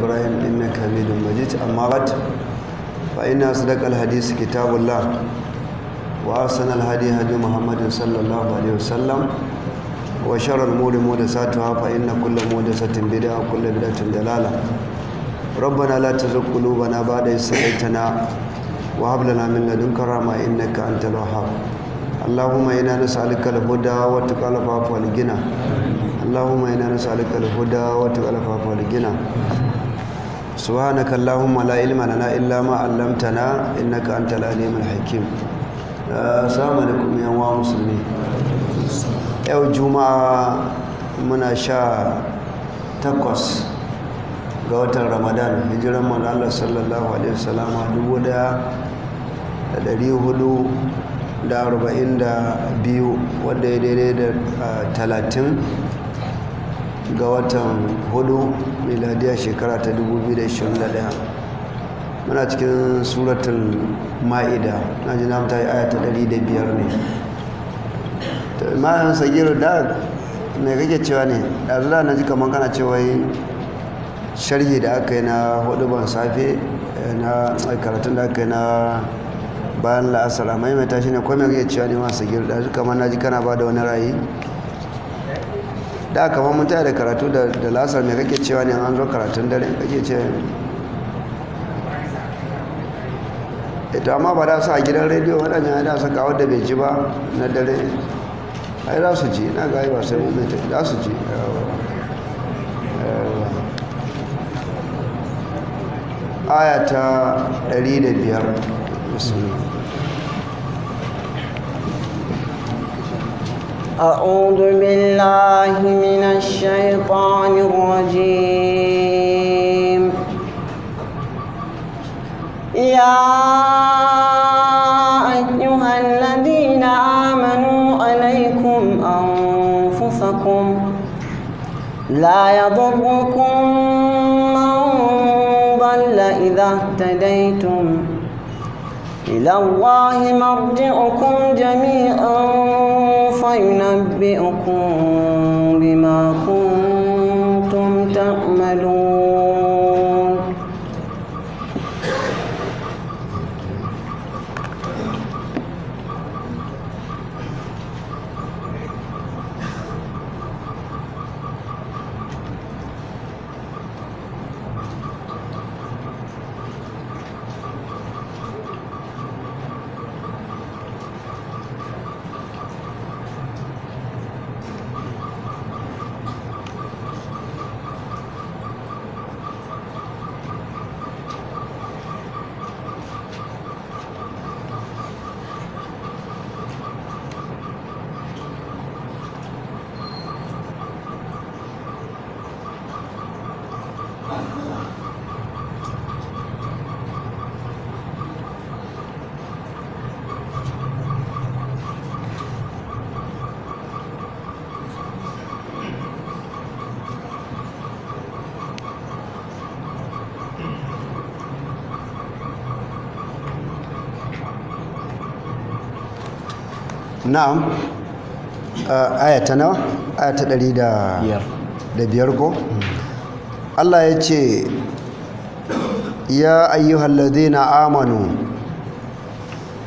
ibrahim innaka hamidun majid amma bat fa inna sadaqal hadis kitabullah wa sanal hadi hadi muhammad sallallahu alaihi wasallam wa sharal muri mudasatu fa inna kullu mudasatin bid'a wa kullu bid'atin dalala ربنا لا تزغ قلوبنا بعد إذ هديتنا وهب لنا من لدنك رحمة إنك أنت الوهاب اللهم إنا نسألك الهدى والتقى والغنى اللهم إنا نسألك الهدى والتقى والغنى subhanaka allahumma la ilma lana illa ma 'allamtana innaka antal alimul hakim uh, assalamu alaikum yan wa musulmi yau juma'a muna sha takwas ga watan ramadan hijiran manzo Allah sallallahu alaihi wasallam dubu da dari hudu da da biyu ya daidai da uh, talatin ga watan hudu miladiyar shekara ta 2021 muna cikin suratun ma'ida na ji namta yi ayata ta 105 ne ma'ayin sagiru da mai kake cewa ne ɗazu da na ji kamar kana cewa sharhi da aka yi na hudu ban safe eh, na karatun da aka yi na bayan la'asar a mai tashi ne kome kake cewa ne masu sagiru da kamar na ji kana ba da wani rayu da kamar mun taya da karatu da lasar mai kake cewa ne an zo karatun dare kake ce ita eh, amma ba da su a gidan rediyo waɗannan ya da su kawo da bai ji ba na dare ai za su ji na gaya ba sai mun mai za su ji aya ta 105 musulmi أعوذ بالله من الشيطان الرجيم يا أيها الذين آمنوا عليكم أنفسكم لا يضركم من ضل إذا اهتديتم إلى الله مرجعكم جميعا وينبئكم بما كنتم na'am uh, aya ta nawa aya ta ɗari da biyar ko Allah ya ce ya na amanu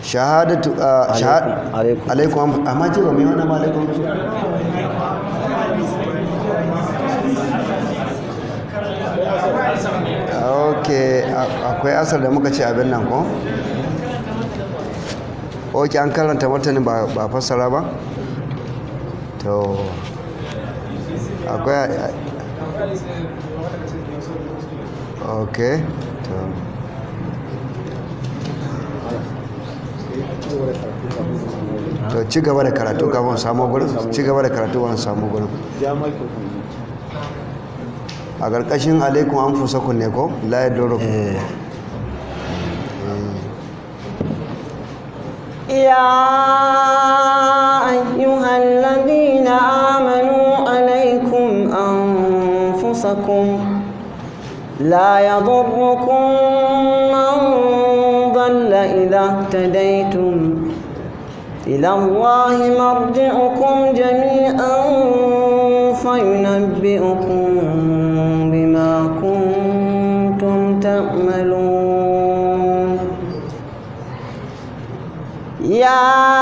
shahadatu uh, alaikum amma ce ba mai wani malaikun su ok akwai asar da muka ce abin nan ko oke an karanta ne ba fassara ba to akwai ok to to ci gaba da karatu wani samu gurin ci gaba da karatu wani samu gurin a ƙarƙashin alaikun an fusa kunne ko la ya يا أيها الذين آمنوا عليكم أنفسكم لا يضركم من ضل إذا اهتديتم إلى الله مرجعكم جميعا فينبئكم يا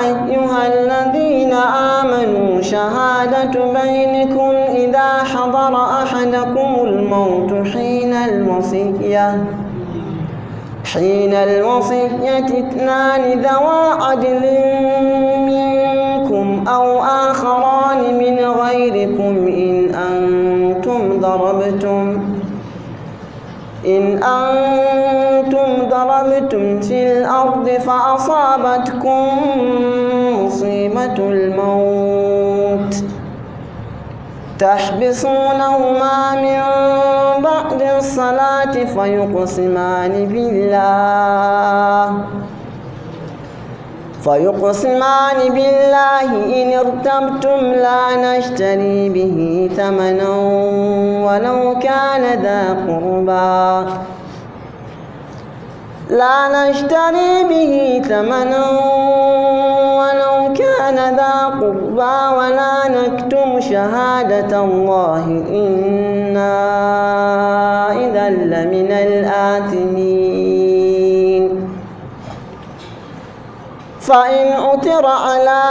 أيها الذين آمنوا شهادة بينكم إذا حضر أحدكم الموت حين الوصية حين الوصية اثنان ذوى عدل منكم أو آخران من غيركم إن أنتم ضربتم إن أنتم ضربتم في الأرض فأصابتكم مصيبة الموت تحبسونهما من بعد الصلاة فيقسمان بالله فيقسمان بالله إن ارتبتم لا نشتري به ثمنا ولو كان ذا قربا لا نشتري به ثمنا ولو كان ذا قربا ولا نكتم شهادة الله إنا إذا لمن الآثمين فإن أتر على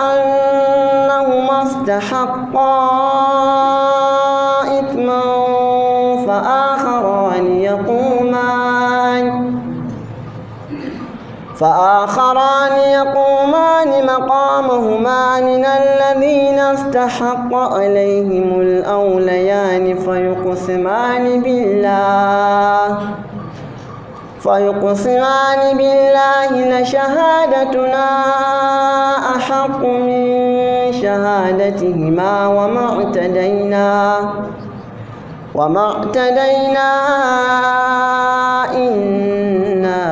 أنهما استحقا إثما فآخران يقومان فآخران يقومان مقامهما من الذين استحق عليهم الأوليان فيقسمان بالله فيقسمان بالله لشهادتنا أحق من شهادتهما وما اعتدينا وما اعتدينا إنا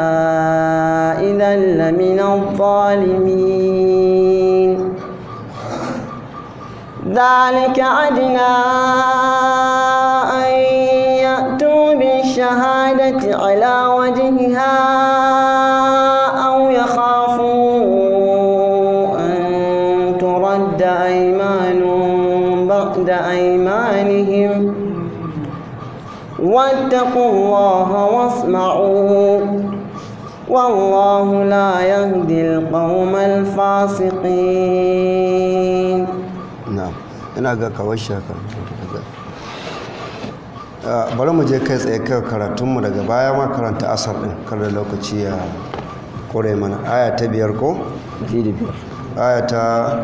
إذا لمن الظالمين ذلك عدنا الشهادة على وجهها أو يخافوا أن ترد أيمان بعد أيمانهم واتقوا الله واسمعوا والله لا يهدي القوم الفاسقين نعم أنا أقول Eh, bari mu je kai tsaye kai karatun mu daga baya ma karanta asar din kar da lokaci ya kore mana aya ta biyar ko? aya ta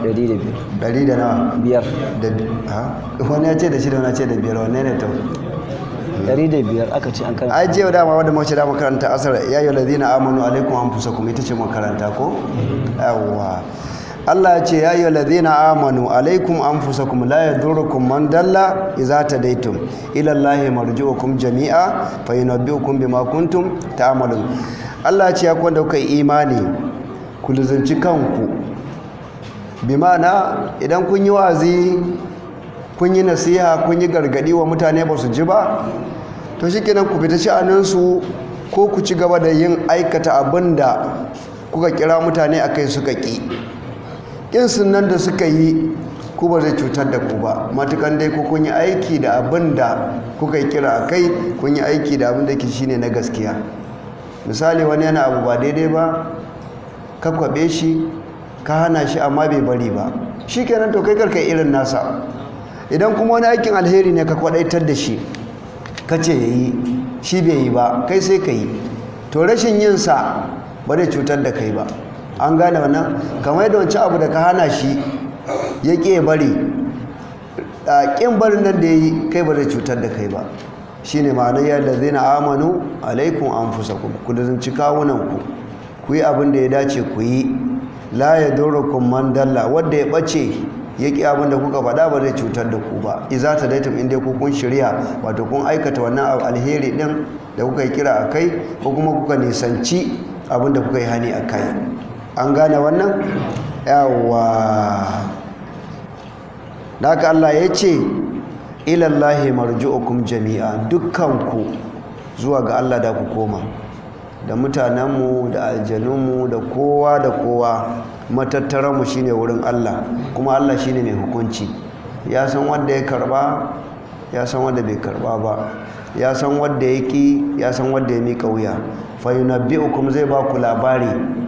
ɗari da nawa biyar da ha wani ya ce da shida wani ya ce da biyar wani ne to dari da biyar aka ce an karanta ai da dama wadda mace da makaranta asar ya yi ladina amanu alaikum an fusa kuma ita ce makaranta ko mm-hmm. yawwa Allah ya ce ya ayyuhal Ladina amanu alaikum anfusakum la yadurrukum man dalla daitun. tadaytum ila marji marji'ukum jami'a fa bi bima ta ta'malun Allah ya ce ya kwanda kuka imani ku luzunci kanku bi mana idan kun yi wazi kun yi nasiha kun yi gargadi wa mutane ba su ji ba to shi kenan ku fita su ko ku ci gaba da yin aikata abinda kuka kira mutane a kai suka ki kinsin nan da suka yi ku ba zai cutar da ku ba matukan dai ku kun yi aiki da abin da kuka yi kira a kai kun yi aiki da abin da ke shine na gaskiya misali wani yana abu ba daidai ba ka kwabe shi ka hana shi amma bai bari ba shi kenan to kai karka irin nasa idan kuma wani aikin alheri ne ka kwadaitar da shi ka ce ya yi shi bai yi ba kai sai ka yi to rashin yinsa ba zai cutar da kai ba an gane wannan kamar yadda wancan abu da ka hana shi ya ƙi bari a ƙin barin nan da ya yi kai ba zai cutar da kai ba shi ne ma'anar yadda zai na amanu alaikun an fusa ku ku da zanci kawunan ku yi abin da ya dace ku yi la ya dora kun wadda ya ɓace ya ƙi abin da kuka faɗa ba zai cutar da ku ba iza ta daitum inda ku kun shirya wato kun aikata wannan alheri ɗin da kuka yi kira a kai ko kuma kuka nisanci abin da kuka yi hani a kai an gane wannan yawa da aka Allah ya ce ilallahi okun jami'a dukkanku zuwa ga Allah da ku koma da mutanenmu da aljanunmu da kowa da kowa matattaranmu shi ne wurin Allah kuma Allah shi ne mai hukunci ya san wanda ya karba ya san wanda bai karba ba ya san wanda ya ki ya san wanda ya mika wuya fa yunabbi'ukum zai ba ku labari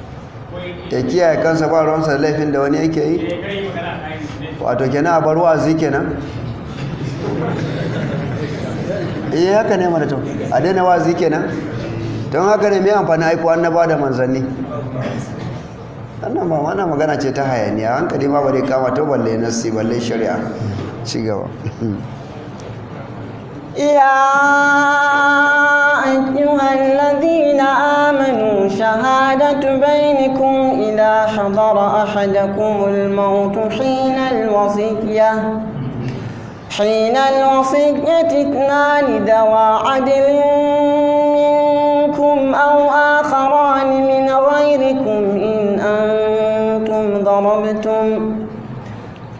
ya kiyaye kansa ba ruwansa laifin da wani yake yi wato kenan a bar wa'azi kenan eh haka ne mana to a daina wa'azi kenan don haka ne mai amfani na ba da manzanni annan ba mana magana ce ta hayaniya hankali ma bari kama to balle nasi balle shari'a ci gaba يا أيها الذين آمنوا شهادة بينكم إذا حضر أحدكم الموت حين الوصية حين الوصية اثنان ذوى عدل منكم أو آخران من غيركم إن أنتم ضربتم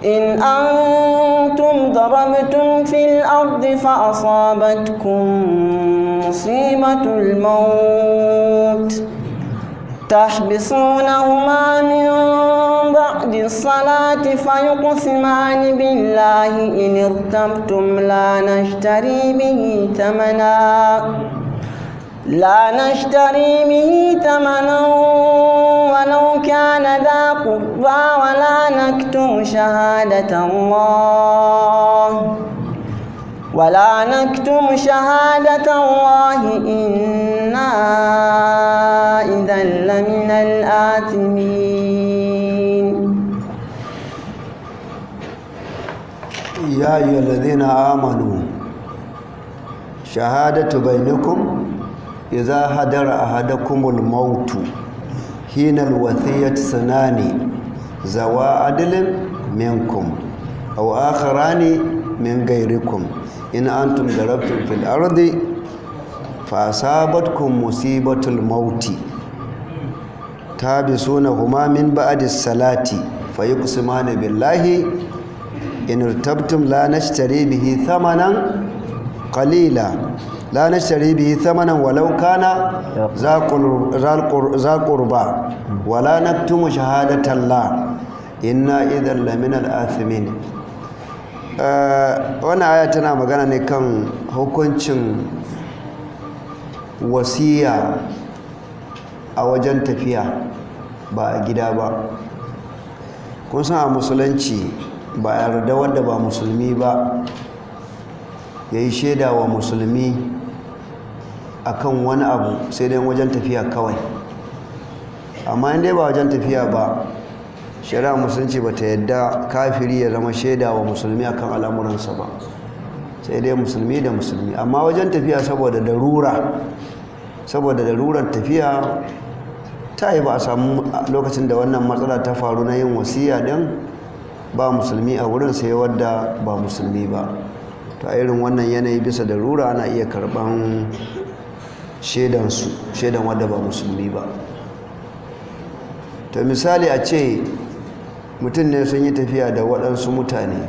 إن أنتم ضربتم في الأرض فأصابتكم مصيبة الموت تحبسونهما من بعد الصلاة فيقسمان بالله إن ارتبتم لا نشتري به ثمنا لا نشتري به ثمنا ولو كان ذا قربى ولا نكتم شهادة الله ولا نكتم شهادة الله إنا إذا لمن الآثمين يا أيها الذين آمنوا شهادة بينكم idza hadara ahadakumul mautu hina alwasiyat sanani zawa adlin minkum aw akharani min ghayrikum in antum darabtum fil ardi fa asabatkum musibatul mauti tabisunahuma min ba'di salati fayuqsimana billahi in irtabtum la nashtari bihi thamanan qalila la nashtari bihi thamanan walau kana za qurba wala naktumu shahadatallah inna idan laminal athimin wannan aya tana magana ne kan hukuncin wasiya a wajen tafiya ba a gida ba kun san a musulunci ba yarda wanda ba musulmi ba ya yi shaida wa musulmi akan wani abu sai dai wajen tafiya kawai amma in dai ba wajen tafiya ba shari'a musulunci ba ta yadda kafiri ya zama shaida wa musulmi akan al'amuransa ba sai dai musulmi da musulmi amma wajen tafiya saboda darura saboda darurar tafiya ta yi ba a samu lokacin da wannan matsala ta faru na yin wasiya din ba musulmi a wurin sai wadda ba musulmi ba ta irin wannan yanayi bisa darura ana iya karban shaidansu shaidan wadda ba musulmi ba ta misali a ce mutum ne sun yi tafiya da waɗansu mutane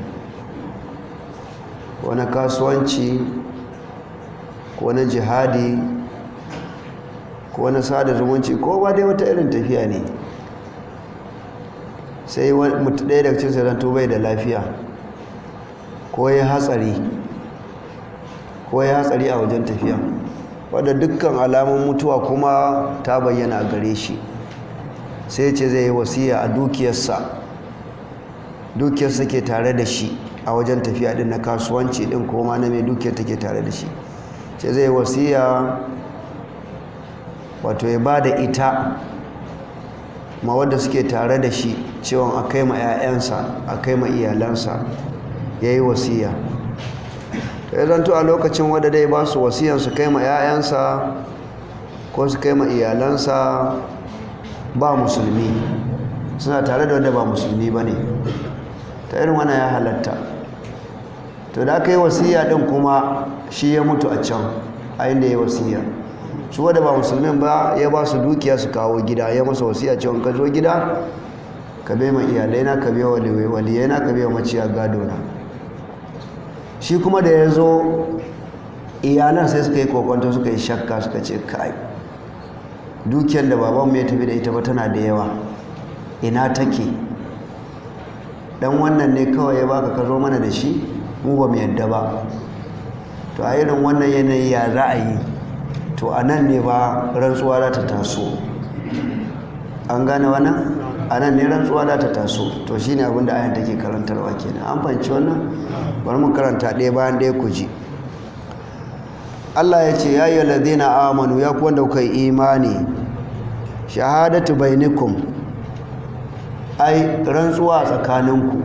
wani kasuwanci ko wani jihadi ko wani sada zumunci ko ba dai wata irin tafiya ne sai mutu ɗaya daga cikin zan bai da lafiya ko ya hatsari ko ya hatsari a wajen tafiya wadda dukkan alamun mutuwa kuma ta bayyana a gare shi sai ce zai yi wasiya a dukiyarsa dukiyarsa ke tare da shi a wajen tafiya din na kasuwanci din koma na mai dukiyar take tare da shi ce zai yi wasiya wato ya ba da ita ma wadda suke tare da shi cewon a kai ma 'ya'yansa a kai ma iyalansa ya yi wasiya ya zan a lokacin wadda dai ba su wasiyan su kai ma 'ya'yansa ko su kai ma iyalansa ba musulmi suna tare da wanda ba musulmi ba ne ta irin wana ya halatta to da aka yi wasiya din kuma shi ya mutu a can a inda ya wasiya su wadda ba musulmin ba ya ba su dukiya su kawo gida ya masa wasiya cewa ka zo gida ka bai ma iyalai na ka bai wa waliyai na ka bai wa maciya gado na shi kuma da ya zo iyalan sai suka yi kokonto suka yi shakka suka ce kai dukiyar da babanmu ya tafi da ita ba tana da yawa ina take dan wannan ne kawai ya baka ka zo mana da shi mu ba mu yadda ba to a irin wannan yanayi ya ra'ayi to a nan ne ba rantsuwa za ta taso an gane wannan a nan ne rantsuwa za ta taso to shine abin da ayan take karantarwa kenan an fahimci wannan bari mu karanta ɗaya bayan ɗaya ku ji Allah ya ce ya yi ladina amanu ya kuwa da kuka yi imani shahadatu bainikum ai rantsuwa tsakaninku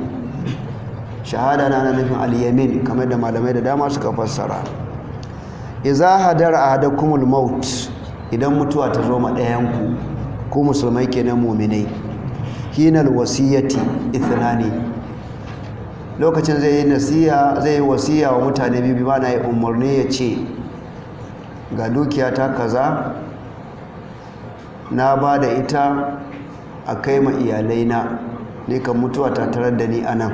shahada na na nufin kamar da malamai da dama suka fassara iza hadara ahadakumul maut idan mutuwa ta zo ma ɗayanku ku musulmai nan mu'minai hinal wasiyati ithnani lokacin zai yi nasiya zai wasiya wa mutane biyu ba na yi umarni ya ce ga dukiya ta kaza na ba da ita a kai ma iyalaina ne kan mutuwa ta tarar da ni anan.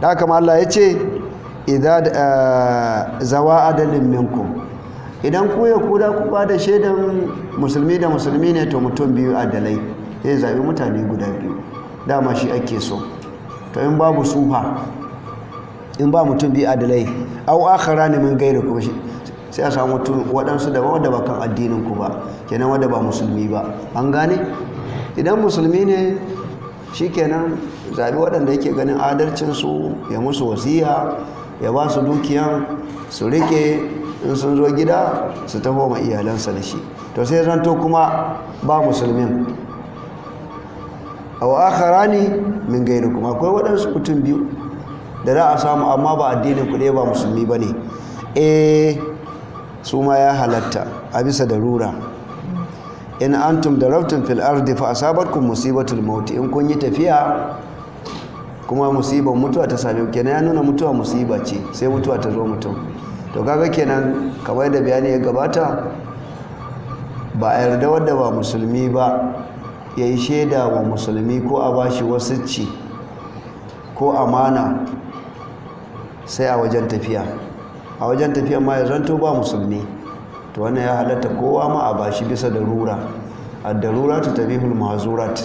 da haka Allah ya ce eh, zawa adalin minkum idan ku ya kuda ku ba da shaidan musulmi da musulmi ne to mutum biyu a dalai. sai zaɓi mutane guda biyu dama shi ake so to in babu sufa in ba mutum biyu a dalai. au akhara ne min gaira kuma sai a samu mutum waɗansu daban wanda ba kan addinin ku ba kenan wanda ba musulmi ba an gane idan musulmi ne shikenan zaɓi waɗanda yake ganin adalcinsu ya musu wasiya ya ba su dukiyan su rike in sun zo gida su taho ma iyalansa da shi to sai zanto kuma ba musulmin a wa'akara ne min gairi kuma akwai waɗansu mutum biyu da za a samu amma ba addinin kuɗe ba musulmi ba ne e su ma ya halatta a bisa da rura in antum da rautun fil ardi fa kun musibatul mauti in kun yi tafiya kuma musibar mutuwa ta same kenan ya nuna mutuwa musiba ce sai mutuwa ta zo mutum to kaga kenan kamar da bayani ya gabata ba a yarda wadda ba musulmi ba ya yi shaida wa musulmi ko a bashi wasu ci ko amana sai a wajen tafiya a wajen tafiya ma ya zanto ba musulmi to wannan ya halatta kowa ma a bashi bisa darura a darura ta tabihul mazurat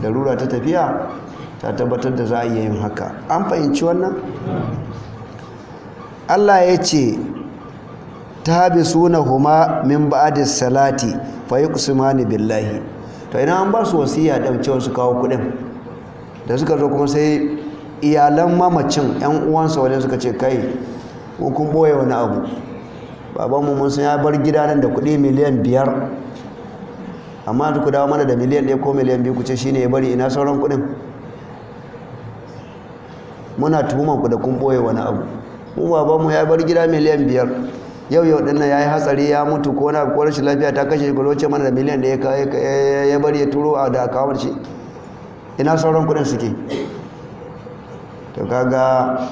darura ta tafiya ta tabbatar da za a iya yin haka an fahimci wannan Allah ya ce ta suna huma min da salati fa kusurmani billahi to ina an ba su wasiya ɗan cewa su kawo kuɗin da suka zo kuma sai iyalan mamacin yan uwansa wajen suka ce kai ko kun boye wani abu babanmu mun sun ya bar gida nan da kuɗi miliyan biyar amma da ku dawo mana da miliyan ɗaya ko miliyan biyu ku ce shine ya bari ina sauran kuɗin muna tuhumar ku da kun ɓoye wani abu mu babanmu ya bar gida miliyan biyar yau yau din nan yi hatsari ya mutu ko na ko shi lafiya ta kashe ko mana da miliyan da ya ya bari ya turo a da kawar shi ina sauran kudin suke to kaga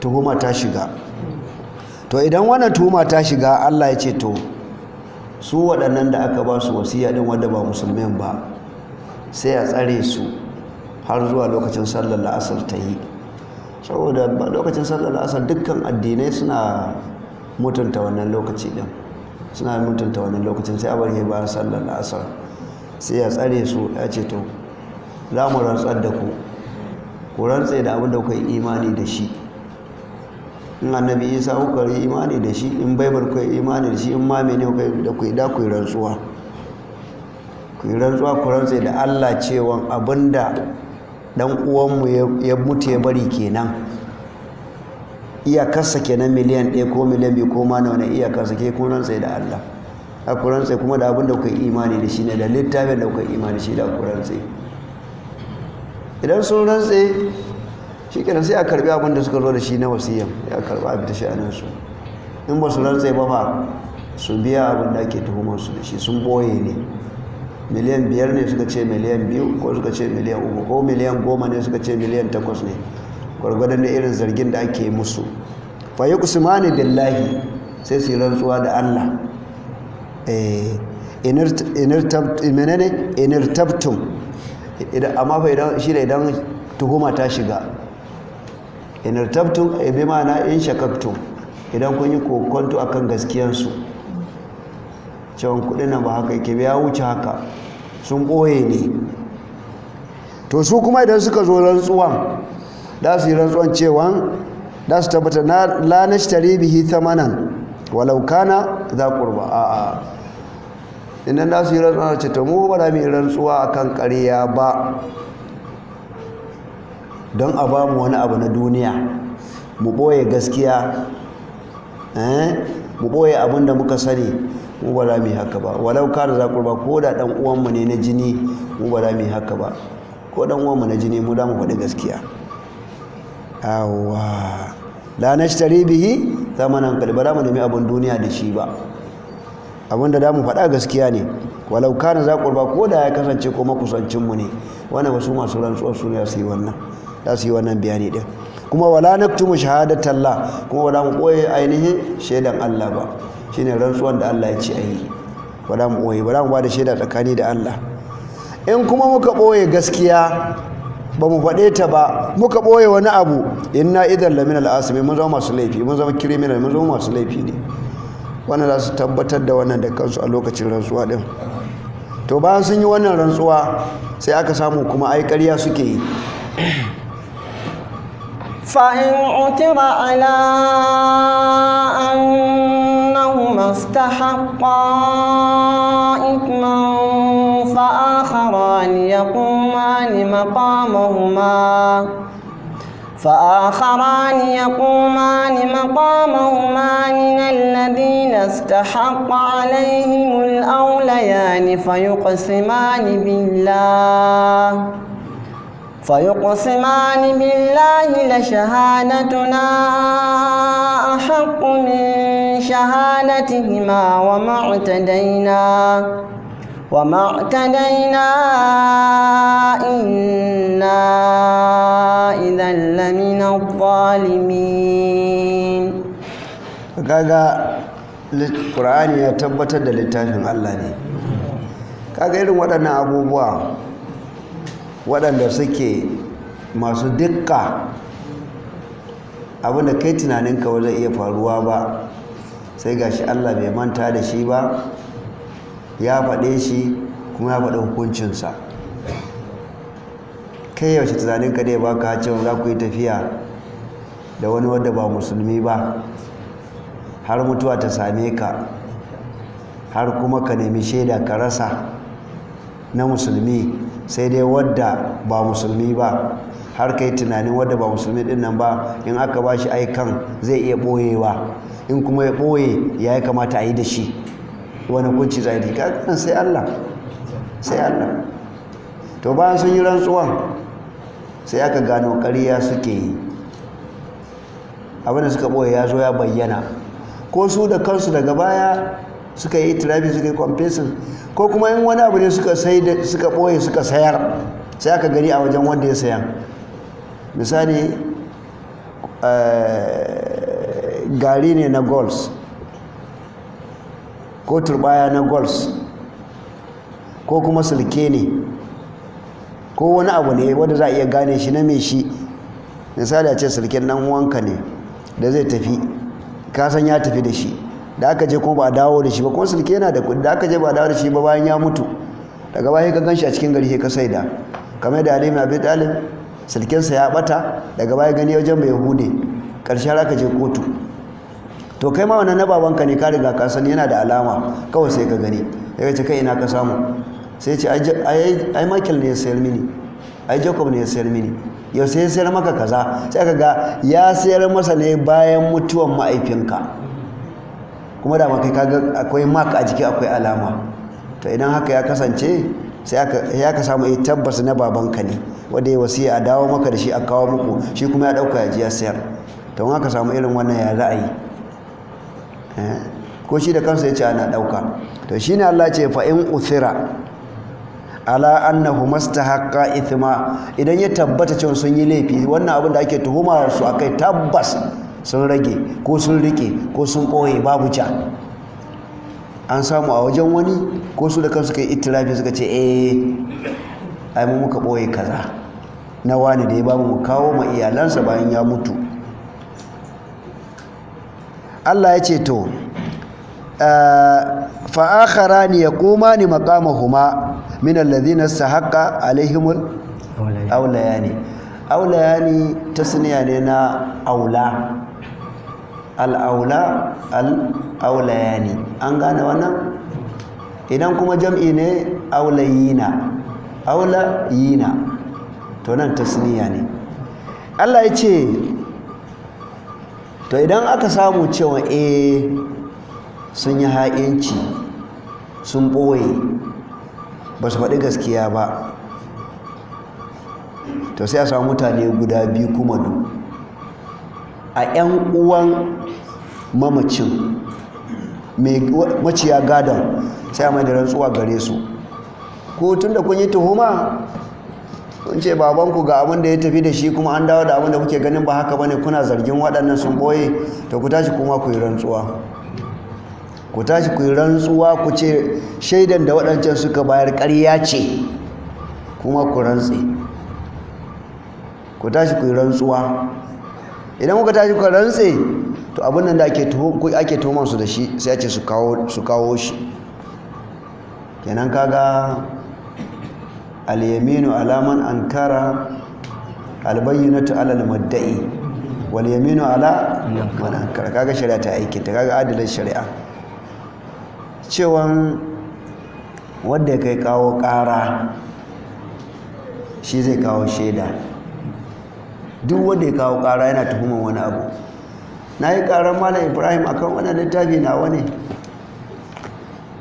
tuhuma ta shiga to idan wannan tuhuma ta shiga Allah ya ce to su waɗannan da aka ba su wasiya din wanda ba musulmin ba sai a tsare su har zuwa lokacin sallar la'asar ta yi saboda lokacin sallar asar dukkan addinai suna mutunta wannan lokaci din suna mutunta wannan lokacin sai abar ya bayan sallar asar sai ya tsare su ya ce to za mu rantsar da ku ku rantsar da abin da kuka yi imani da shi in annabi isa kuka yi imani da shi in baibar kuka yi imani da shi in ma mene kuka yi da ku yi da ku yi rantsuwa ku yi rantsuwa ku rantsar da allah cewa abin da dan uwanmu ya mutu ya bari kenan iyakarsa kenan miliyan ɗaya ko miliyan biyu ko ma na wani iyakarsa ke kun rantsai da Allah a ku sai kuma da abin da kuka imani da shi ne da littafin da kuka imani shi da ku sai idan sun rantsai shi kenan sai a karbi abin da suka zo da shi na wasiyyan ya karbi abin da su in ba su rantsai ba fa su biya abin da ake tuhumar su da shi sun boye ne miliyan biyar ne suka ce miliyan biyu ko suka ce miliyan uku ko miliyan goma ne suka ce miliyan takwas ne gwargwadon da irin zargin da ake musu fa yi kusumani billahi sai su yi rantsuwa da allah eh, inirtabtum amma fa idan shi da idan tuhuma ta shiga a eh, bi ma'ana in shakaktum idan kun yi kokonto akan gaskiyansu cewa kudin nan ba haka ke ya wuce haka sun ɓoye ne to su kuma idan suka zo rantsuwan da su yi rantsuwan cewa da su tabbata na lanashtari bihi thamanan walau kana za kurba. a a idan da su yi rantsuwan ce to mu ba da mu yi rantsuwa kan ƙarya ba don a ba mu wani abu na duniya mu ɓoye gaskiya eh, mu ɓoye abin da muka sani mu ba za mu yi haka ba walau da za ba ko da dan uwanmu ne na jini mu ba za mu yi haka ba ko dan uwanmu na jini mu da mu faɗi gaskiya awwa la nashtari bihi zamanan kadi ba za mu nemi abin duniya da shi ba abin da za mu faɗa gaskiya ne walau da za ba ko da ya kasance ko makusancinmu ne wannan wasu masu rantsuwar su ne su yi wannan za su yi wannan bayani ɗin kuma wala naktumu shahadatallah kuma wala mu koyi ainihin shaidan Allah ba shine rantsuwan da Allah ya ce a yi ba mu ɓoye ba za mu bada da shaida tsakani da Allah in kuma muka ɓoye gaskiya ba mu faɗe ta ba muka boye wani abu inna idan lamina al'asimi mun zama masu laifi mun zama criminal mun zama masu laifi ne wannan za su tabbatar da wannan da kansu a lokacin rantsuwa din to bayan sun yi wannan rantsuwa sai aka samu kuma ai ƙarya suke yi فإن عثر ala استحق إثما فآخران يقومان مقامهما فآخران يقومان مقامهما من الذين استحق عليهم الأوليان فيقسمان بالله فيقسمان بالله لشهادتنا أحق من شهادتهما وما اعتدينا وما اعتدينا إنا إذا لمن الظالمين kaga Qur'ani ya tabbatar da littafin Allah ne kaga irin waɗannan abubuwa waɗanda suke masu dukka abinda kai tunaninka ka zai iya faruwa ba sai gashi Allah bai manta da shi ba ya faɗe shi kuma ya faɗi hukuncinsa kai yaushe tunaninka dai baka cewa za ku yi tafiya da wani wadda ba musulmi ba har mutuwa ta same ka har kuma ka nemi shaida ka rasa na musulmi sai dai wadda ba musulmi ba har kai tunanin wadda ba musulmi din nan ba in aka ba shi aikan zai iya ɓoyewa in kuma ya ɓoye ya yi kamata a yi da shi wani kunci zai yi da sai Allah sai Allah to bayan sun yi rantsuwan sai aka gano ƙarya suke yi abinda suka ɓoye ya zo ya bayyana ko su da kansu daga baya suka yi tirabi suka yi kwamfesin ko kuma in wani abu ne suka sai da suka ɓoye suka sayar sai aka gani a wajen wanda ya sayan misali eh, gari ne na goals ko turbaya na goals ko kuma silke ne ko wani abu ne wanda za a iya gane shi na mai shi misali a ce silken nan wanka ne da zai tafi kasan ya tafi da shi da aka je ko ba dawo da shi ba ko sulke yana da kuɗi da aka je ba dawo da shi ba bayan ya mutu daga baya ka ganshi a cikin gari sai ka saida kamar da Ali ibn Abi Talib sa ya bata daga baya gani wajen bai hude karshen raka je kotu to kai ma wannan na babanka ne ka riga ka sani yana da alama kawai sai ka gani ya ce kai ina ka samu sai ce ai Michael ne ya sayar mini ai Jacob ne ya sayar mini yau sai ya sayar maka kaza sai ka ga ya sayar masa ne bayan mutuwan ma'aifinka kuma da kai kaga akwai mark a jiki akwai alama to idan haka ya kasance sai ya ka samu eh, tabbas na babanka ne wanda ya wasiya a dawo maka da shi a kawo muku shi kuma ya dauka ya ji ya sayar to haka samu irin wannan ya ra'ayi eh, ko shi da kansa ya ce ana dauka to shine Allah ce fa in uthira ala annahu mastahaqqa ithma idan ya tabbata cewa sun yi laifi wannan abin da ake tuhumar su akai tabbas sun rage ko sun rike ko sun ɓoye babu ca an samu a wajen wani ko su da kansu kai itirafi suka ce eh ai mu muka ɓoye kaza na wani da ya ba mu kawo ma iyalansa bayan ya mutu Allah ya ce to ah, fa'akara ni ya koma ni makama huma min alladhina sahaqqa alaihim aulayani aulayani tasniya ne na aula al'aula al'aulayani an gane wannan idan kuma jam'i ne aulayina aulayina to nan tasniya ne Allah ya ce to idan aka samu cewa e sun yi ha'inci sun ɓoye ba su faɗi gaskiya ba to sai a samu mutane guda biyu kuma du a 'yan uwan mamacin maciya gadon sai mai da rantsuwa gare su ko tun da kun yi tuhuma kun ce babanku ga abin da ya tafi da shi kuma an dawo da abin da kuke ganin ba haka bane kuna zargin waɗannan sun boye to ku tashi kuma ku yi rantsuwa ku tashi ku yi rantsuwa ku ce shaidan da waɗancan suka bayar ƙarya ce kuma ku rantse ku tashi ku yi rantsuwa idan kuka tashi ku rantse to abin nan da ake ake tuhuman su da shi sai a ce su kawo shi kenan kaga al-yaminu alaman ankara al-bayyinatu ala al-mudda'i wal yaminu ala man ankara kaga shari'a ta aiki ta kaga adalin shari'a cewan wanda kai kawo ƙara shi zai kawo shaida duk wanda ya kawo ƙara yana tuhuman wani abu na yi ƙarar malam ibrahim akan wannan littafi nawa ne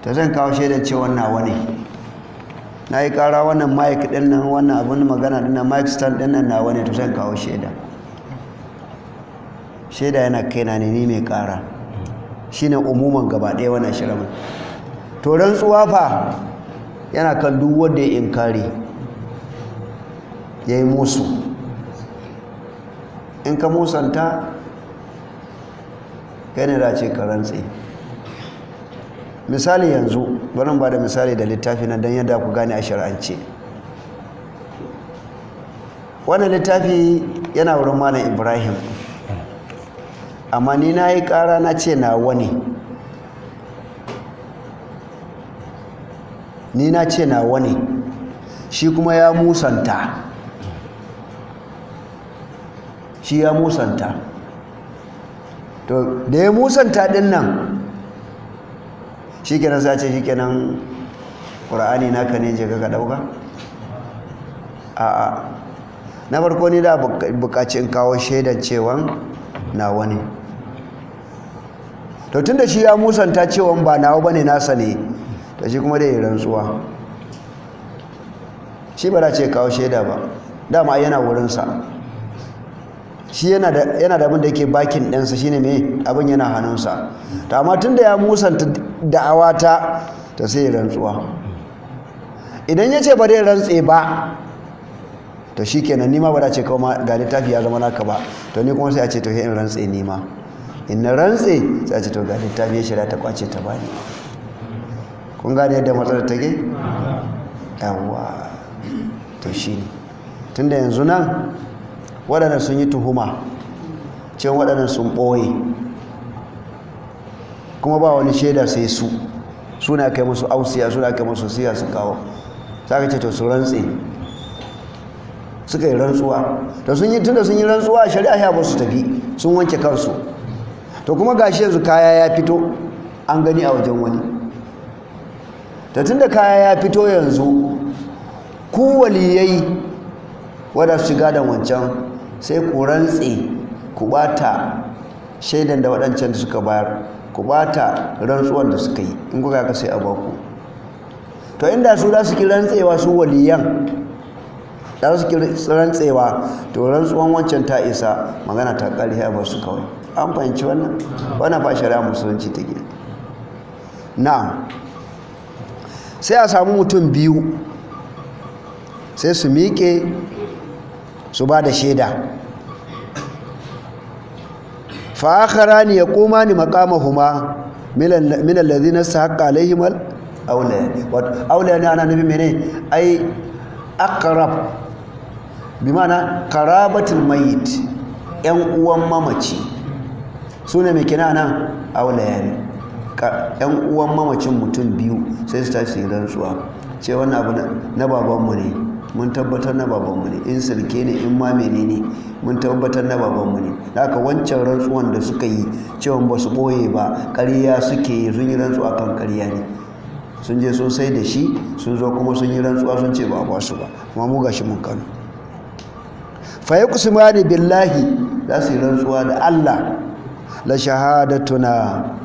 ta zan kawo shaidar ce wannan wani na yi ƙara wannan mike ɗinnan, wannan abin magana ɗinnan, mike stand ɗinnan nawa ne ta zan kawo shaida shaida yana kaina ne ni mai ƙara shi ne umuman gaba ɗaya wannan shirama to rantsuwa fa yana kan duk wanda ya inkari ya yi musu in ka musanta kai ne da ce ka rantse misali yanzu bari ba da misali da littafi na don yadda ku gane a shirance wannan littafi yana wurin malam ibrahim amma ni na yi kara na ce na wani ni na ce na wani shi kuma ya musanta shi ya musanta to da ya musanta din nan shikenan shi ce shikenan na naka ne je ka a a'a na farko ni da buƙaci in kawo shaidan cewan na wani to da shi ya musanta cewan ba nawa bane nasa ne ta shi kuma da ya rantsuwa shi ba da ce kawo shaida ba dama yana wurinsa shi yana da da yake bakin ɗansa shine mai abin yana hannunsa to amma tunda ya musanta da'awa ta ta sai rantsuwa idan ya ce ba zai rantse ba to kenan nima ba da ce kawo ga littafi ya zama naka ba to ni kuma sai a ce to in rantse nima in na rantse sai a ce to ga littafi ya shirya ta kwace ta bani kun gane yadda matsalar ta take yawwa to tun da yanzu nan waɗannan sun yi tuhuma ce waɗannan sun ɓoye kuma ba wani shaida sai su suna kai musu ausiya suna kai musu siya su kawo ta ce to su rantse suka yi rantsuwa to sun yi tun da sun yi rantsuwa shari'a ya ba su tafi sun wanke kansu to kuma gashi yanzu kaya ya fito an gani a wajen wani ta da kaya ya fito yanzu ku waliyai wadda su shiga da wancan sai ku rantse ku bata shaidan da waɗancan suka bayar ku bata rantsuwan da suka yi in kuka ka sai a baku to inda su za su ki rantsewa su waliyan za su ki rantsewa to rantsuwan wancan ta isa magana ta ƙarfi a su kawai an fahimci wannan wannan ba shari'a musulunci ta ke. Na sai a samu mutum biyu sai su miƙe su ba da shaida fa ni yaqumani huma. min alladhina sahaqqa alaihim al-awlani ne ana nabi mene ai aqrab bi mana qarabatul mayit yan uwan mamaci sune me kina nan awlani yan uwan mamacin mutum biyu sai su tashi rantsuwa ce wannan abu na babanmu ne mun tabbatar na babanmu ne in sirke ne in ma ne, mun tabbatar na babanmu ne haka wancan rantsuwan da suka yi cewa ba su ɓoye ba ƙarya suke yi sun yi rantsuwa kan ƙarya ne sun je sun da shi sun zo kuma sun yi rantsuwa sun ce ba a basu ba kuma mu gashi mun kano fa da billahi za su yi rantsuwa da Allah la shahadatuna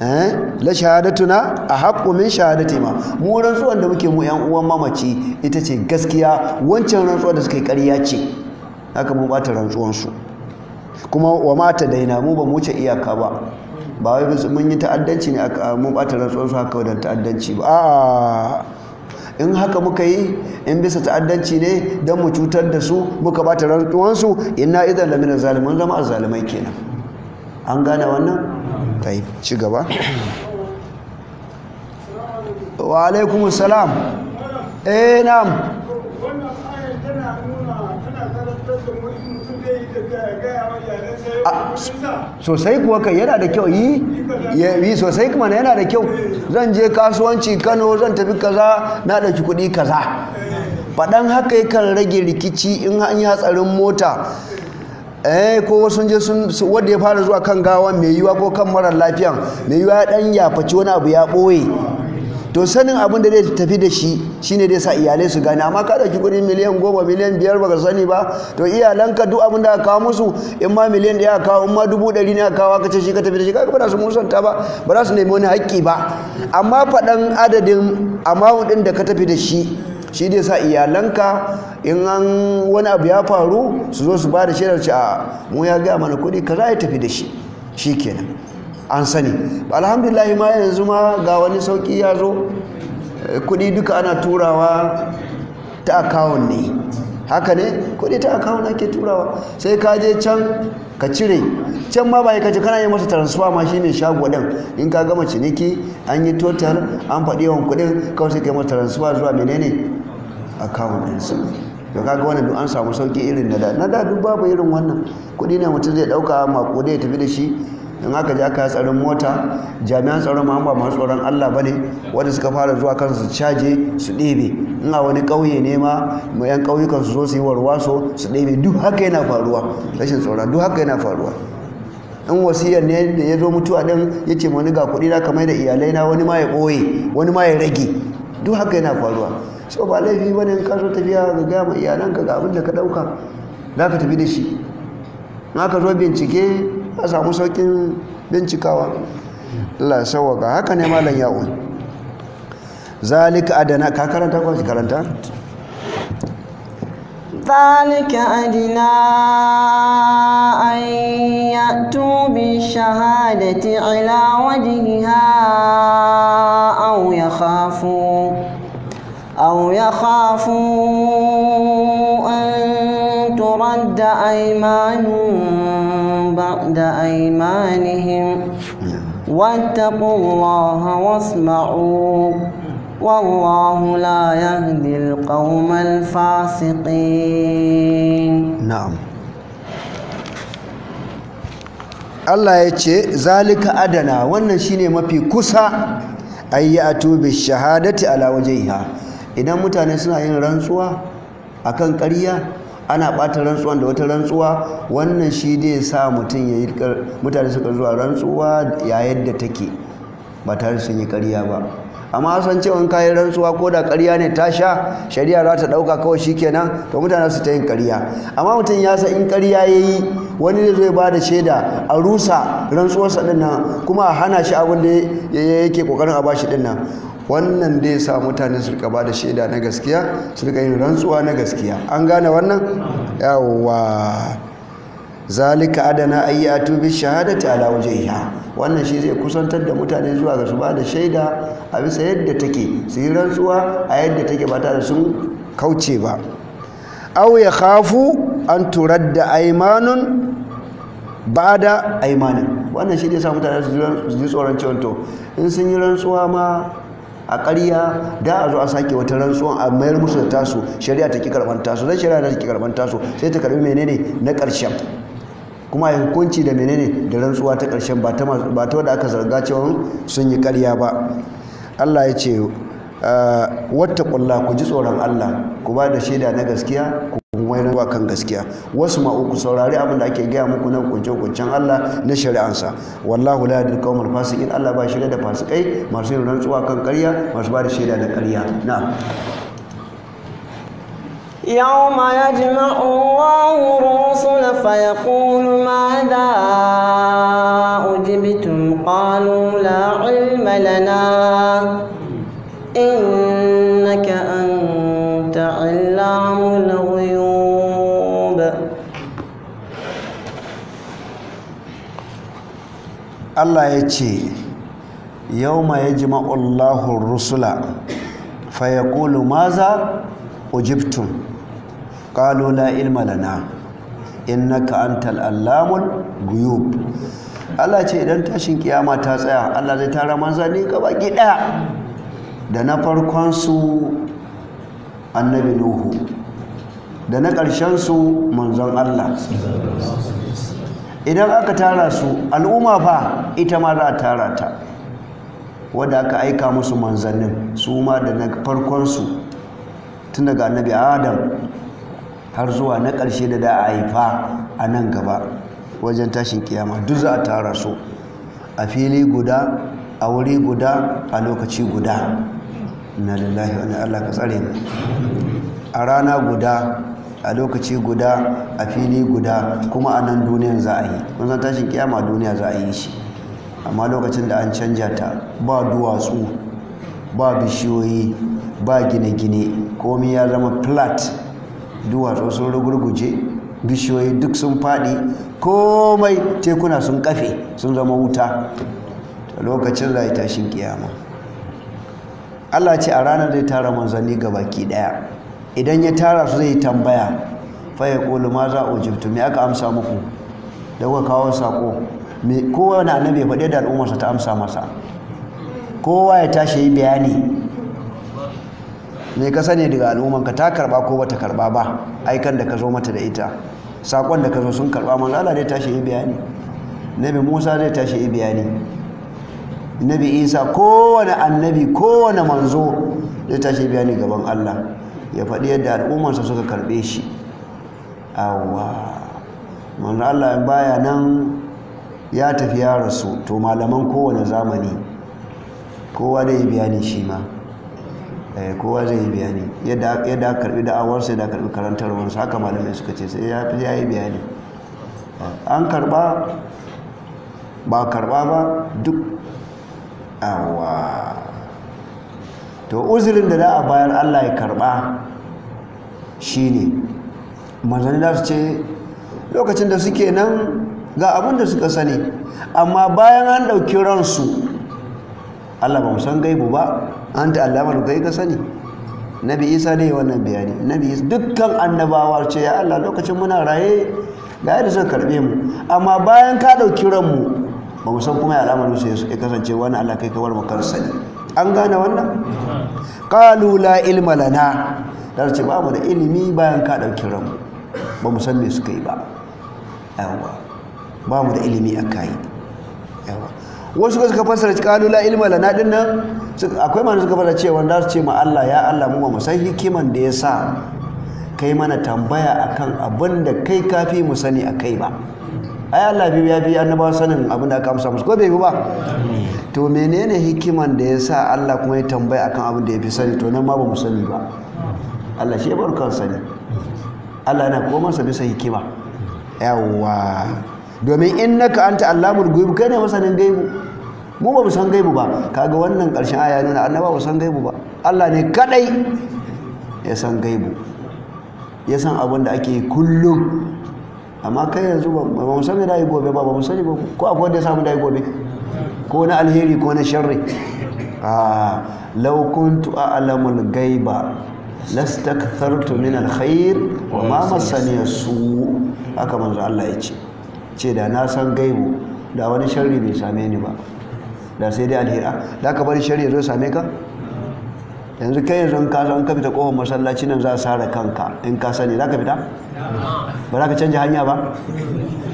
Eh? la shahadatuna a haƙƙo min shahadati ma mu rantsuwan da muke mu yan uwan mamaci ita ce gaskiya wancan rantsuwa da suka yi ƙarya ce haka mun ɓata rantsuwansu kuma wa mata daina mu ba mu wuce iyaka ba ba wai mun yi ta'addanci ne mun ɓata rantsuwansu haka wadan ta'addanci ba a in haka muka yi in bisa ta'addanci ne don mu cutar da su muka ɓata rantsuwansu inna idan lamina zalimai zama a zalimai kenan an gane wannan yi ci gaba wa alaikum salam eh nam ah, sosai kuwa kai yana da kyau yi yi sosai kuma yana da kyau zan je kasuwanci kano zan tafi kaza na ɗauki kuɗi kaza faɗan haka yakan rage rikici in hanyar tsarin mota eh ko sun je sun wanda ya fara zuwa kan gawa mai yiwa ko kan mara lafiyan mai yiwa ya dan yafaci wani abu ya boye to sanin abin da zai tafi da shi shine dai sa iyalai su gane amma ka dauki kudi miliyan goma miliyan biyar baka sani ba to iyalanka duk abin da aka kawo musu in ma miliyan ɗaya ya kawo in ma dubu ɗari ne aka kawo aka ce shi ka tafi da shi kaga ba za su musanta ba ba za su nemi wani haƙƙi ba amma faɗan adadin amount ɗin da ka tafi da shi shi dai sa iyalanka in an wani abu ya faru su zo su ba da shaidar ci a mu ya gaya mana kuɗi ka za ya tafi da shi shi kenan an sani alhamdulillah ma yanzu ma ga wani sauki ya zo kuɗi duka ana turawa ta akawun ne haka ne kuɗi ta akawun ake turawa sai ka je can ka cire can ma bai kace kana yi masa transfer ma shi mai shago din in ka gama ciniki an yi total an faɗi yawan kuɗin kawai sai ka yi masa transfer zuwa menene account ɗinsa to kaga wani an samu sauki irin na da na da duk babu irin wannan kuɗi ne mutum zai ɗauka ma da ya tafi da shi in aka je aka tsarin mota jami'an tsaron ma ba masu tsoron Allah bane wanda suka fara zuwa kansu su caje su ɗebe in a wani ƙauye ne ma mu yan ƙauyukan su zo su yi warwaso su ɗebe duk haka yana faruwa rashin tsoron duk haka yana faruwa in wasiyar ne da ya zo mutuwa ɗin ya ce wani ga kuɗi na kamar da iyalai na wani ma ya ɓoye wani ma ya rage duk haka yana faruwa so ba laifi ba ne ka so tafiya ga gama iyalanka ga abin da ka ɗauka za ka tafi da shi na ka zo bincike a samu saukin bincikawa la ya ga haka ne malam yawon zalika adana ka karanta shi karanta ya tubi أن يأتوا بالشهادة على وجهها ya يخافوا أو يخافوا أن ترد أيمان بعد أيمانهم واتقوا الله واسمعوا والله لا يهدي القوم الفاسقين نعم Allah ya ce zalika adana wannan shine mafi kusa ayyatu bi shahadati ala wajhiha idan mutane suna yin rantsuwa a kan ƙarya ana ɓata rantsuwa da wata rantsuwa wannan shi dai sa mutum ya yi mutane suka zuwa rantsuwa ya yadda take ba tare sun yi ƙarya ba amma san cewa in kayi rantsuwa ko da ƙarya ne ta sha shari'a za ta ɗauka kawai shi kenan to mutane su ta yin ƙarya amma mutum ya san in ƙarya ya yi wani da zai ba da shaida a rusa rantsuwarsa dinnan kuma a hana shi abin da yake ƙoƙarin a bashi ɗin nan wannan dai sa mutane su rika bada shaida na gaskiya su rika yin rantsuwa na gaskiya an gane wannan yawwa zalika adana ayyatu bi shahadati ala wajhiha wannan shi zai kusantar da mutane zuwa ga su bada shaida a bisa yadda take su yi rantsuwa a yadda take ba tare sun kauce ba aw ya khafu an turadda aymanun bada aymanin wannan shi zai sa mutane su ji tsoron cewa to in sun yi rantsuwa ma a ƙarya da a zo a sake wata rantsuwan a mayar musu da tasu shari'a ta ki karɓar tasu dan shari'a ta ki karɓar tasu sai ta karɓi menene na ƙarshen kuma ya hukunci da menene da rantsuwa ta ƙarshen ba ta wadda aka zarga cewa sun yi ƙarya ba Allah ya ce ah, wata ƙulla ku ji tsoron Allah ku ba da shaida na gaskiya nan ba kan gaskiya wasu ma uku saurari abin da ake gaya muku na kunce-kuncen Allah na shari'ansa wallahu la yadil qawmal fasiqin Allah ba shi da fasikai masu yin rantsuwa kan ƙarya masu ba da shaida da ƙarya na يوم يجمع الله الرسل فيقول ماذا أجبتم قالوا لا علم لنا إنك أنت Allah ya ce yau ma ya ji ma'ullahun rusula fayakulu maza ujibtun ƙalu la ilma lana innaka ka'antar allamun guyub Allah ce idan tashin kiyama ta tsaya Allah zai tara manzanni gaba gida da na farkon su annabi nuhu da na ƙarshensu su manzon Allah idan aka tara su al'umma fa ita ma za a tara ta wadda aka aika musu manzannin su ma da na farkonsu tun daga annabi adam har zuwa na ƙarshe da da a haifa a nan gaba wajen tashin kiyama duk za a tara su a fili guda a wuri guda a lokaci guda na lullahi wani allah tsare a rana guda a lokaci guda a fili guda kuma a nan duniyar za a yi kun san tashin kiyama duniya za a yi shi amma lokacin da an canja ta ba duwatsu ba bishiyoyi ba gine-gine komi ya zama flat duwatsu sun rugurguje bishiyoyi duk sun faɗi komai tekuna sun kafe sun zama wuta lokacin za a yi tashin kiyama Allah ce a ranar zai tara manzanni ga baki ɗaya idan ya tara su zai tambaya fa ya ma za ujibtu mai aka amsa muku da kuka kawo sako me kowane annabi ya faɗe da al'ummarsa ta amsa masa kowa ya tashi yi bayani me ka sani daga al'ummanka ta karba ko bata karba ba aikan da ka zo mata da ita sakon da ka zo sun karba manzo Allah zai tashi yi bayani nabi Musa zai tashi yi bayani nabi Isa kowane annabi kowane manzo zai tashi bayani gaban Allah ya faɗi yadda al'ummarsa suka karɓe shi awa manzo Allah baya nan ya tafi yara su. to malaman kowane zamani kowa zai yi bayani shi ma eh, kowa zai yi biyani. yadda aka karɓi da'awarsa yadda aka karɓi karantarwarsa haka malamai suka ce sai ya fi yayi yi bayani an karɓa ba karɓa ba duk awa to uzurin da za a bayar Allah ya karɓa shine manzanni za ce lokacin da suke nan ga abin da suka sani amma bayan an ɗauki ransu Allah ba musan san gaibu ba an ta Allah mana kai ka sani nabi isa ne wannan bayani nabi isa dukkan annabawa ce ya Allah lokacin muna raye ga yadda suka karbe mu amma bayan ka ɗauki ranmu ba musan san kuma ya al'amarin su ya kasance wani Allah kai kawar makar sani an gane wannan qalu la ilma lana da ce ba mu da ilimi bayan ka ɗauki ranmu ba mu san me suka yi ba yawa ba mu da ilimi a kayi yawa wasu ka suka fassara kalu la ilma lana din nan akwai ma suka fara cewa da su ce ma Allah ya Allah mu ba mu san hikiman da ya sa kai mana tambaya akan abin da kai kafi mu sani a kai ba ai Allah biyu ya bi annabawa sanin abin da aka amsa musu ko bai bi ba to menene hikiman da ya sa Allah kuma ya tambaya akan abin da ya fi sani to nan ma ba mu sani ba Allah shi ya bar kansa ne Allah yana sa bisa hikima yawwa domin in anta allamul ghaib kai ne masanin gaibu mu ba mu san gaibu ba kaga wannan karshen aya ne Allah ba san gaibu ba Allah ne kadai ya san gaibu ya san abin da ake kullum amma kai yanzu ba mu san me yi gobe ba ba mu sani ba ko akwai wanda ya samu yi gobe ko na alheri ko na sharri ah law kuntu a'lamul gaiba lastakthartu min alkhair wa ma masani su haka manzo Allah ya ce ce da na san gaibu da wani sharri bai same ni ba da sai dai alhira ah, da ka bari sharri zai same ka yanzu kai yanzu ka san ka fita kofar masallaci nan za a sare kanka in ka sani za ka fita ba za ka canja hanya ba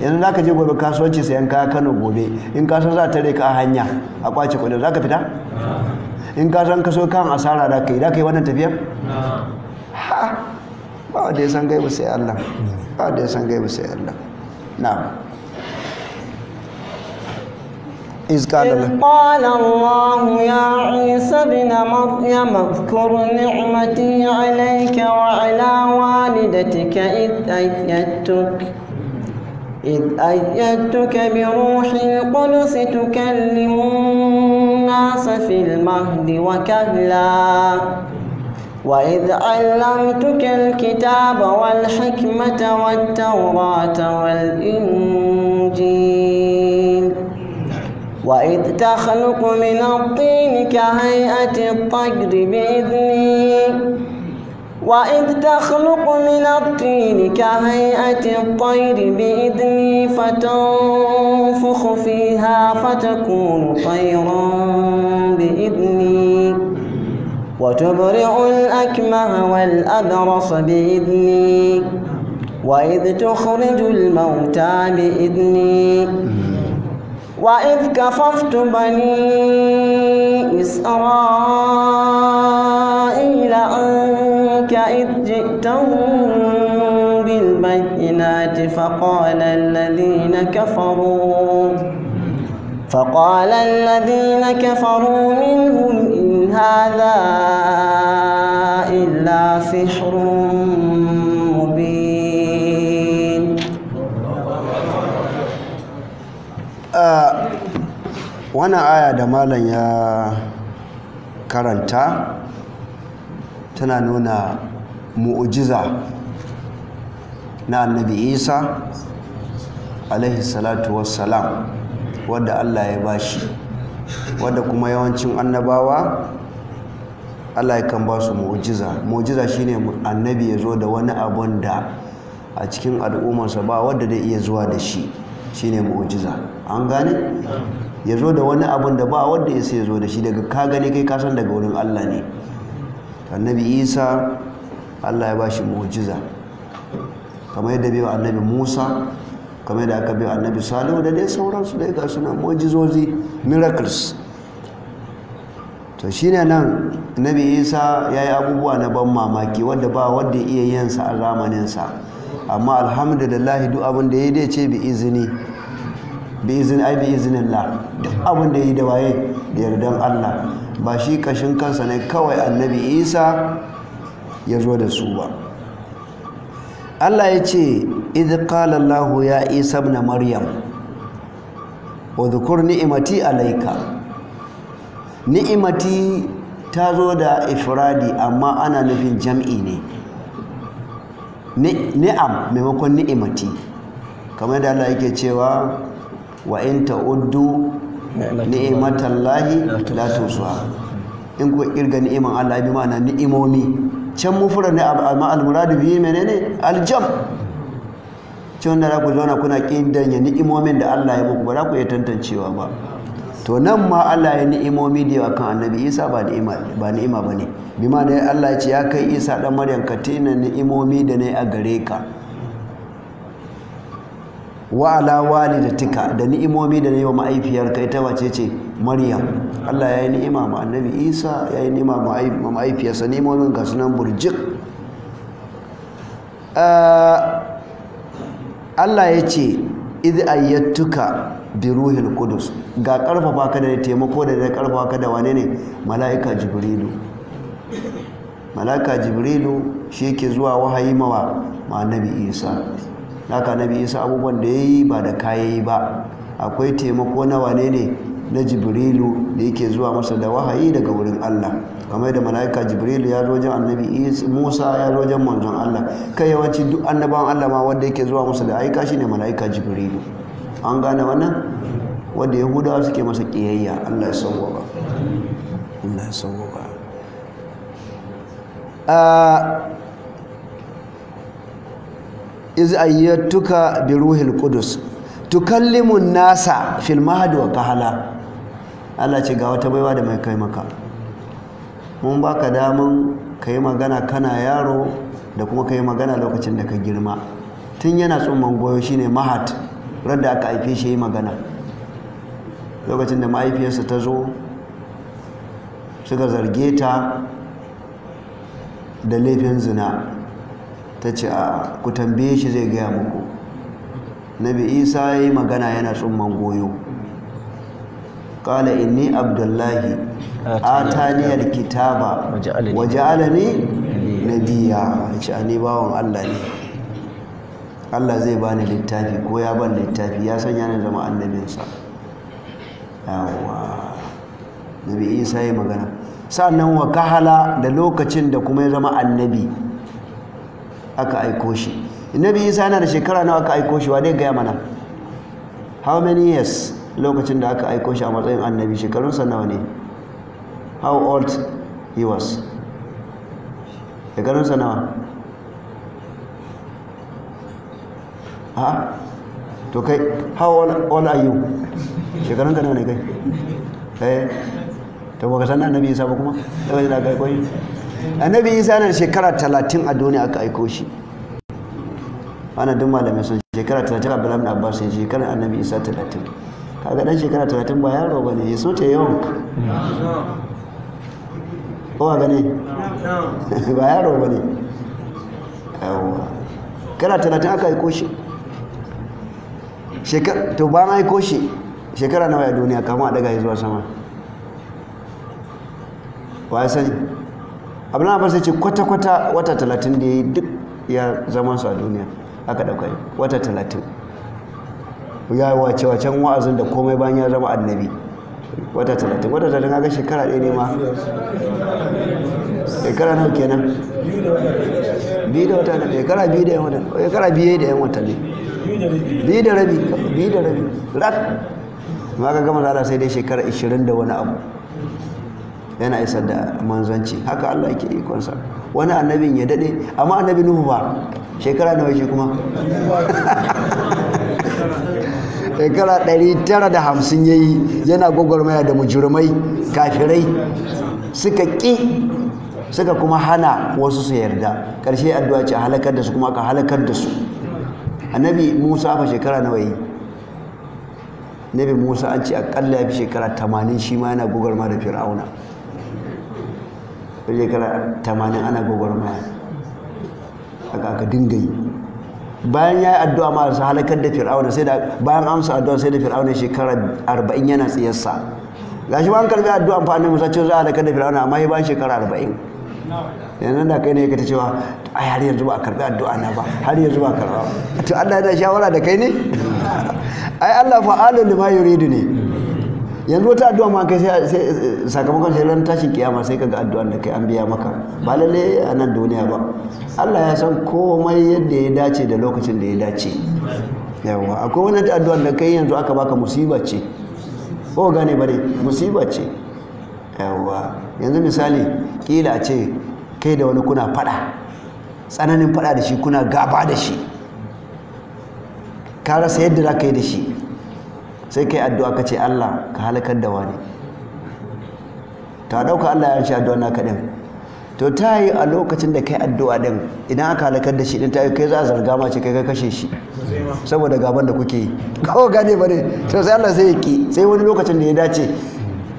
yanzu za ka je gobe kasuwanci sayan kaya kano gobe in ka san za ta tare ka hanya a kwace kudin za ka fita in ka san ka so kan asara da kai da kai wannan tafiyar ha ba wanda ya san gaibu sai Allah ba wanda ya san gaibu sai Allah na'am إذ قال الله قال الله يا عيسى ابن مريم اذكر نعمتي عليك وعلى والدتك إذ أيدتك إذ أيدتك بروح القدس تكلم الناس في المهد وكهلا وإذ علمتك الكتاب والحكمة والتوراة والإنجيل وإذ تخلق من الطين كهيئة الطير بإذني وإذ تخلق من الطين كهيئة الطير بإذني فتنفخ فيها فتكون طيرا بإذني وتبرئ الأكمه والأبرص بإذني وإذ تخرج الموتى بإذني وإذ كففت بني إسرائيل ذلك إذ جئتهم بالبينات فقال الذين كفروا فقال الذين كفروا منهم إن هذا إلا سحر مبين آه وانا آية دمالا يا كارنتا tana nuna mu'ujiza na annabi isa alaihi salatu wassalam wadda allah ya bashi wadda kuma yawancin annabawa allah ya kan ba su mu'ujiza mu'ujiza shine annabi ya zo da wani abun da a cikin al'ummarsa ba wadda zai iya zuwa da shi shine mu'ujiza an gane ya zo da wani abun da ba wadda ya sai ya zo da shi daga ka gani kai kasan daga wurin allah ne annabi isa allah ya ba shi mu'jiza kamar yadda biyu annabi musa kamar yadda aka biyu annabi salihu da dai sauransu dai ga suna mu'jizozi miracles to ne nan annabi isa ya yi abubuwa na ban mamaki wanda ba wanda iya yansa a zamaninsa amma alhamdulillah duk abin da ya dai ce bi izini bi izini ai bi la duk abin da ya yi da waye da yardan allah ba shi kashin kansa ne kawai annabi isa ya zo da su ba Allah ya ce idh ya isa ibn maryam wa ni'imati ni'mati alayka ni'mati ta zo da ifradi amma ana nufin jam'i ne ni'am maimakon ni'imati kamar da Allah yake cewa wa in ta'uddu ni'imatallahi la tusuha in ku kirga ni'iman Allah bi ma'ana ni'imomi can mufrad ne amma al-muradu bi menene al-jam cewa da ku zauna kuna kidanya ni'imomin da Allah ya muku ba za ku iya tantancewa ba to nan ma Allah ya ni'imomi da kan annabi Isa ba ni'ima ba ni'ima bane bi ma'ana Allah ya ce ya kai Isa dan Maryam ka tina ni'imomi da ne a gare ka wa ala walidatika da ni'imomi da nayi wa kai ita wace ce Maryam Allah yayi ni'ima ma Annabi Isa yayi ni'ima ma sa, ni'imomin ga sunan burjik ah, Allah ya ce id ayyatuka bi ruhil qudus ga karfafa ka da taimako da da karfafa ka da wane ne malaika jibrilu malaika jibrilu shi ke zuwa wahayi mawa ma Annabi Isa haka nabi isa abubuwan da ya yi ba da kayayi ba akwai taimako na wane ne na jibrilu da yake zuwa masa da wahayi daga wurin allah kamar da mala'ika jibrilu ya zo wajen annabi musa ya zo wajen manzon allah kai yawanci duk annabawan allah ma wanda yake zuwa masa da aika shine mala'ika jibrilu an gane wannan wanda yahudawa suke masa kiyayya allah ya san gobe allah ya san gobe ah, iz ayyatuka bi ruhil qudus tukallimun nasa fil mahdi wa kahala Allah ce ga wata baiwa da mai kai maka mun baka damun kai magana kana yaro da kuma kai magana lokacin da ka girma tun yana tsumman goyo shine mahat randa aka haife shi yi magana lokacin da mahaifiyarsa ta zo suka zarge ta da laifin zina ta ce a ku tambaye shi zai gaya muku nabi isa ya yi magana yana tsumman goyo ƙala inni abdullahi ataniyar kitaba waje alani nabiya ce a ni bawan allah ne allah zai bani littafi ko ya ban littafi ya sanya ni zama annabinsa yawa nabi isa ya yi magana sa'annan wa kahala da lokacin da kuma ya zama annabi aka aiko shi annabi isa yana da shekara nawa aka aiko shi wa dai gaya mana how many years lokacin da aka aiko shi a matsayin annabi shekarunsa nawa ne how old he was shekarunsa nawa ha to kai how old are you shekarunka nawa ne kai eh to baka san annabi isa ba kuma daga da kai koyi annabi isa na shekara talatin a duniya aka aiko shi ana duk malamai sun shekara talatin abdullahi abbas ya shekara annabi isa talatin kaga dan shekara talatin ba yaro ba ne ya so ta yawan kowa gane ba yaro ba ne kana talatin aka aiko shi to ba na aiko shi shekara nawa ya duniya kama a daga zuwa sama wa ya sani abdullahi abbas sai ce kwata-kwata wata talatin da ya yi duk ya zama su a duniya aka ɗauka yi wata talatin ya yi wace-wacen wa'azin da komai bayan ya zama annabi wata talatin wata talatin aka shekara ɗaya ne ma shekara nau kenan biyu da wata ɗaya shekara biyu da yan wata shekara biyu da yan watanni biyu da rabi biyu da rabi rak ma ka gama zala sai dai shekara ishirin da wani abu yana isar da manzanci haka Allah yake ikonsa wani annabin ya dade amma annabi nuhu ba shekara nawa shi kuma shekara 950 yayi yana gwagwarmaya da mujurmai kafirai suka ƙi suka kuma hana wasu su yarda ƙarshe addu'a ce halakar da su kuma aka halakar da su annabi musa fa shekara nawa yi nabi musa an ce akalla ya fi shekara 80 shi ma yana ma da fir'auna ta shekara tamanin ana gwagwarmaya haka aka dinga yi bayan ya yi addu'a ma su halakar da fir'auna sai da bayan amsa addu'a sai da fir'auna shekara arba'in yana tsiyarsa shi ba an karbi addu'a amfani musa ce za a halakar da fir'auna amma yi bayan shekara arba'in yanzu da kai ne ka ta cewa a har yanzu ba a karbi addu'a na ba har yanzu ba a karba to Allah ya da shawara da kai ne ai Allah fa'alu lima yuridu ne yanzu wata addu'a ma kai sai sakamakon sai ran tashin kiyama sai kaga addu'an da kai an biya maka ba lalle a nan duniya ba Allah ya san komai yadda ya dace da lokacin da ya dace yawa akwai wani addu'an da kai yanzu aka baka musiba ce ko gane bare musiba ce yawa yanzu misali kila a ce kai da wani kuna fada tsananin fada da shi kuna gaba da shi ka rasa yadda za ka yi da shi sai kai addu'a ka ce Allah ka halakar da wani ta dauka Allah ya ci addu'a naka din to ta yi a lokacin da kai addu'a din idan aka halakar da shi din ta yi kai za a zarga ma ce kai ka kashe shi saboda gaban da kuke yi gane bane to sai Allah sai ki sai wani lokacin da ya dace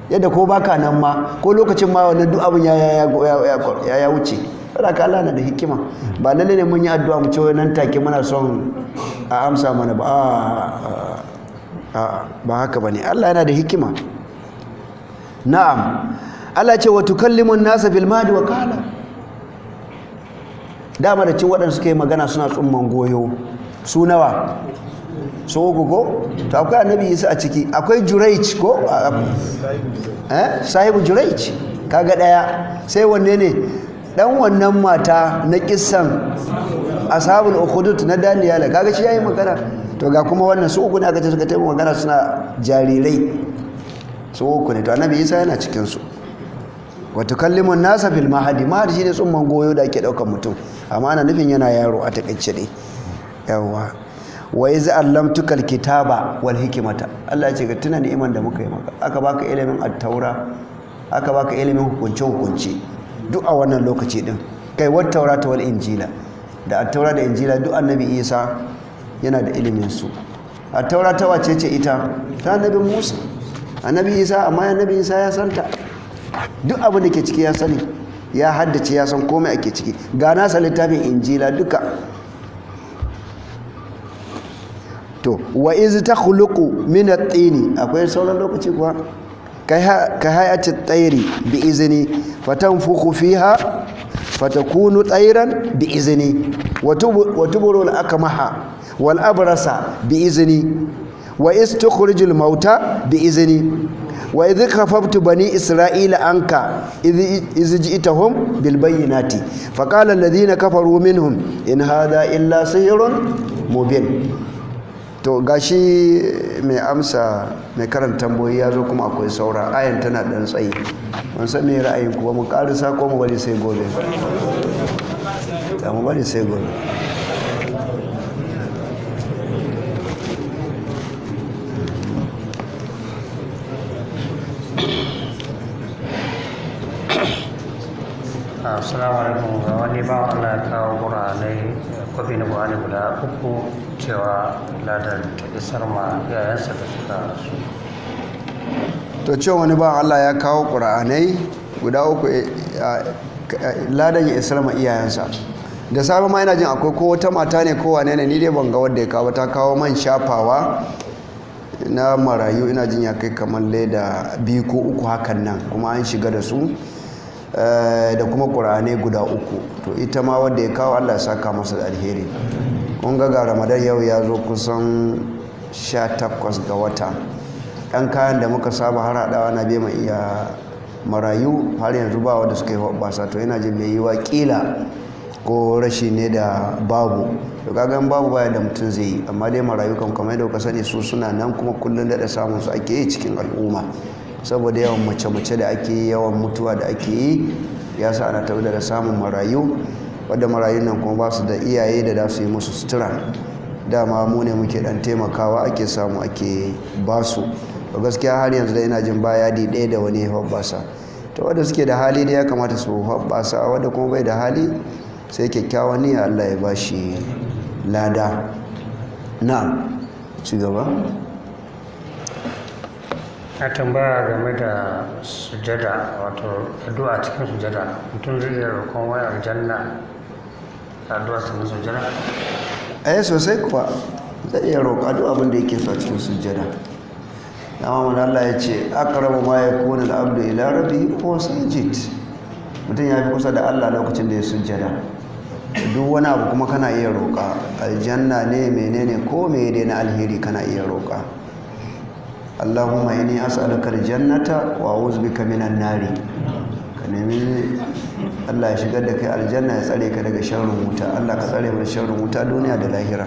yadda ko baka nan ma ko lokacin ma wannan duk abin ya ya ya wuce saboda ka Allah na da hikima ba lalle ne mun yi addu'a mu ce nan take muna son a amsa mana ba a'a ba haka bane Allah yana da hikima na'am Allah ce wa tukallimun nasa bil madi wa qala dama da cin wadanda suka magana suna tsumman goyo su nawa so gogo to akwai annabi isa a ciki akwai juraic ko eh sahibu juraic kaga daya sai wanne ne dan wannan mata na kissan ashabul ukhudut na daniyala kaga shi yayi magana to ga kuma wannan su uku ne aka ce suka taimaka magana suna jarirai su uku ne to annabi isa yana cikin su wa tukallimun nasa fil mahadi mahadi shine tsumman goyo da ake daukan mutum amma ana nufin yana yaro a takaice ne yawa wa iz tukal kitaba wal hikmata Allah ya ce ga tuna ni'iman da muka yi maka aka baka ilimin at-taura aka baka ilimin hukunce hukunce duk a wannan lokaci din kai wat taurata wal injila da at-taura da injila duk annabi Isa yana da ilimin su a taura ce ita ta Nabi musa a Nabi isa amma Nabi isa ya santa duk abin da ke ciki ya sani ya haddace ya san komai ake ciki ga nasa littafin injila duka to wa izi ta min at tsini akwai sauran lokaci kuwa ka hayati tsairi bi izini fatan fuku fiha fatakunu tsairan bi izini buru aka maha. wal abrasa bi izini wa iz mauta bi izini wa idh khafaftu bani isra'ila anka idh ji'tahum bil bayyinati fa qala alladhina kafaru minhum in hadha illa sihrun mubin to gashi mai amsa mai karanta tamboyi ya zo kuma akwai saura ayan tana dan tsayi ban san me ba mu karisa ko mu bari sai gobe ta mu bari sai gobe assalamu alaikum ga wani ba Allah ya kawo gurane kwafi na gurane guda uku cewa ladar ta isar ma yayansa da suka rasu to cewa wani ba Allah ya kawo ƙura'anai guda uku eh, eh, ladan ya isar ma iyayensa da safe ma yana jin akwai ko wata mata ne ko wane ne ni dai ban ga wanda ya kawo ta kawo man shafawa na marayu ina jin ya kai kamar leda biyu ko uku hakan nan kuma an shiga da su Eh, da kuma ƙura'ane guda uku to ita ma wadda ya kawo allah ya saka masa da alheri ƙunga ga ramadan yau ya zo kusan 18 ga wata ɗan kayan da muka saba har haɗawa na bema iya marayu har yanzu ba wanda suka yi basa to yana jin mai yiwa ƙila ko rashi ne da babu to babu baya da mutum zai yi amma dai marayu kan kamar yadda kuka sani su suna nan kuma kullum da samun su ake yi cikin al'umma saboda yawan mace-mace da ake yi yawan mutuwa da ake yi ya sa ana tabi daga samun marayu wadda marayu nan kuma ba su da iyaye da za su yi musu sutura dama mu ne muke dan taimakawa ake samu ake ba su gaskiya har yanzu da ina jin baya di ɗaya da wani hobbasa ta wadda suke da hali da ya kamata su hobbasa wadda kuma bai da hali sai kyakkyawan ni Allah ya ba shi lada na cigaba. ka tambaya game da sujada wato addu'a cikin sujada mutum zai iya roƙon wani aljanna da addu'a cikin sujada A eh, yi sosai kuwa zai iya roƙa duk abin da yake sa cikin sujada amma mun Allah ya ce aqrabu ma yakunu al-abdu ila rabi ko sujit mutum ya fi kusa da Allah lokacin da ya sujada duk wani abu kuma kana iya roƙa aljanna ne menene ko mai dai na alheri kana iya roƙa Allahumma inni as'aluka jannata wa a'udhu bika minan nari ka nemi Allah ya shigar da kai aljanna ya tsare ka daga sharrin wuta Allah ka tsare mu da sharrin wuta duniya da lahira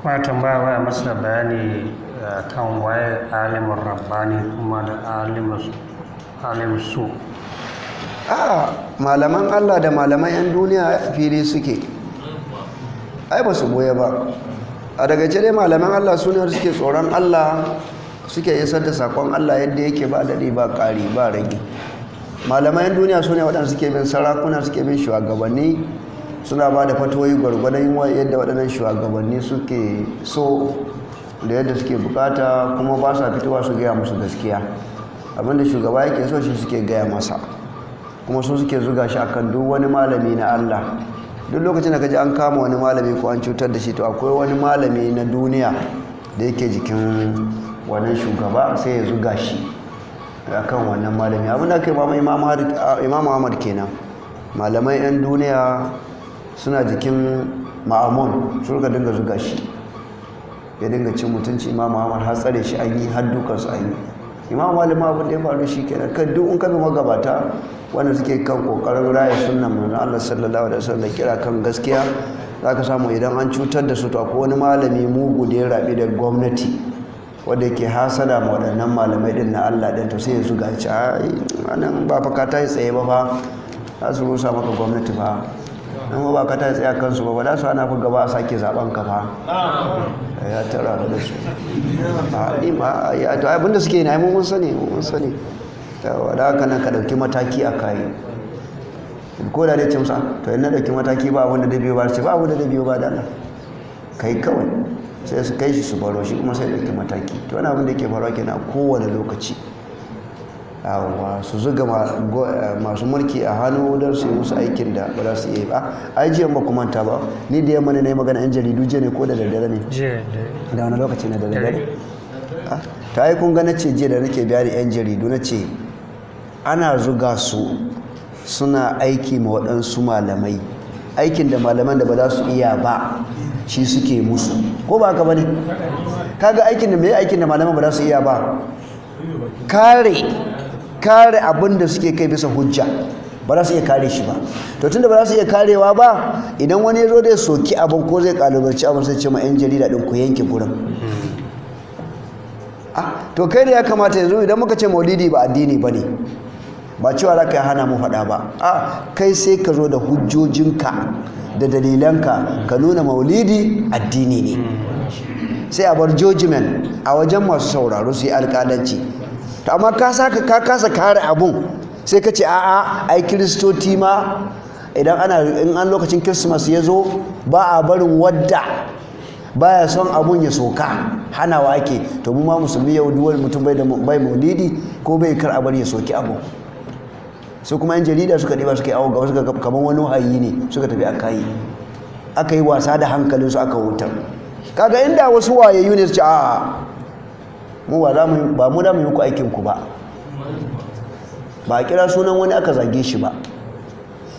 kuma tambaya waya masa bayani eh, kan waye alimin rabbani kuma da alimin su a malaman Allah da malaman 'yan duniya fili suke ai ba su goya ba a daga dai malaman Allah su suke tsoron Allah suke isar da sakon Allah yadda yake ba daɗi ba ƙari ba rage malamai duniya su ne waɗanda suke bin sarakuna suke bin shugabanni suna ba da fatoyi gwargwadon yadda waɗannan shugabanni suke so da yadda suke bukata kuma ba sa fitowa su gaya musu gaskiya abinda shugaba yake so shi suke gaya masa kuma su suke zuga shi akan duk wani malami na Allah duk lokacin da kaji an kama wani malami ko an cutar da shi to akwai wani malami na duniya da yake jikin wannan shugaba sai ya zuga shi akan wannan malami abin da aka yi imam ahmad kenan malamai 'yan duniya suna jikin ma'amun suka dinga zuga shi ya dinga cin mutunci imam ahmad har tsare shi an yi har dukansu an yi imam malik abin da ya faru shi nan kan duk in magabata wanda suke kan kokarin raya sunan manzon Allah sallallahu alaihi wasallam da kira kan gaskiya za zaka samu idan an cutar da su to ko wani malami mugu da ya rabi da gwamnati wanda ke hasada ma waɗannan malamai din na Allah ɗin to sai ya zuga ci a nan ba fa ka tashi tsaye ba fa za su rusa maka gwamnati ba in ba ka ta tsaya kansu ba ba da su ana ku gaba a sake zaben ka a ya tara da su a ni ba ya to abin da suke na mun sani mun sani ta wada ka nan ka dauki mataki a kai ko da dai cimsa ah, to in na dauki mataki ba wanda da biyu ba ce ba wanda da biyu ba da Allah kai kawai sai su kai shi su baro shi kuma sai dauki mataki to wani abin da ke faruwa kenan kowane lokaci su zuga eh, masu mulki a hannu don su yi musu aikin da ba za su iya ba ai jiyan ba ta ba ni da yamma ne na yi magana yan jaridu jiya ne ko da daddare ne da wani lokaci na daddare ah, ta yi kun na ce jiya da nake biya da yan jaridu na ce ana zuga su suna aiki ma waɗansu malamai aikin da malaman da ba za su iya ba shi suke musu ko ba ka bane kaga aikin da mai aikin da malaman ba za su iya ba kare kare abin da suke kai bisa hujja ba za su iya kare shi ba to tunda ba za su iya karewa ba idan wani ya zo da ya soki abin ko zai kalubarci abin sai ce ma yan jarida din ku yanke gurin ah, to kai da ya kamata yanzu idan muka ce maulidi ba addini ba ne ba cewa za ka yi hana mu faɗa ba a ah, kai sai ka zo da hujjojinka da dalilanka ka nuna maulidi addini ne sai a bar jojimen a wajen masu sauraro su yi alƙalanci to amma ka saka ka kasa kare abun sai ka ce a'a ai kiristoci ma idan ana in an lokacin christmas ya zo ba a barin wadda baya son abun ya soka hanawa ake to mu ma musulmi yau duwar mutum bai da bai ko bai kar a bar ya soki abu su kuma yan jarida suka ɗiba suka yi awo ga wasu kamar wani wahayi ne suka tafi a kayi aka yi wasa da hankalinsu aka wutar kaga inda wasu wayayyu ne su ce a'a mu ba za mu ba mu da mu yi ku aikin ku ba ba a kira sunan wani aka zage shi ba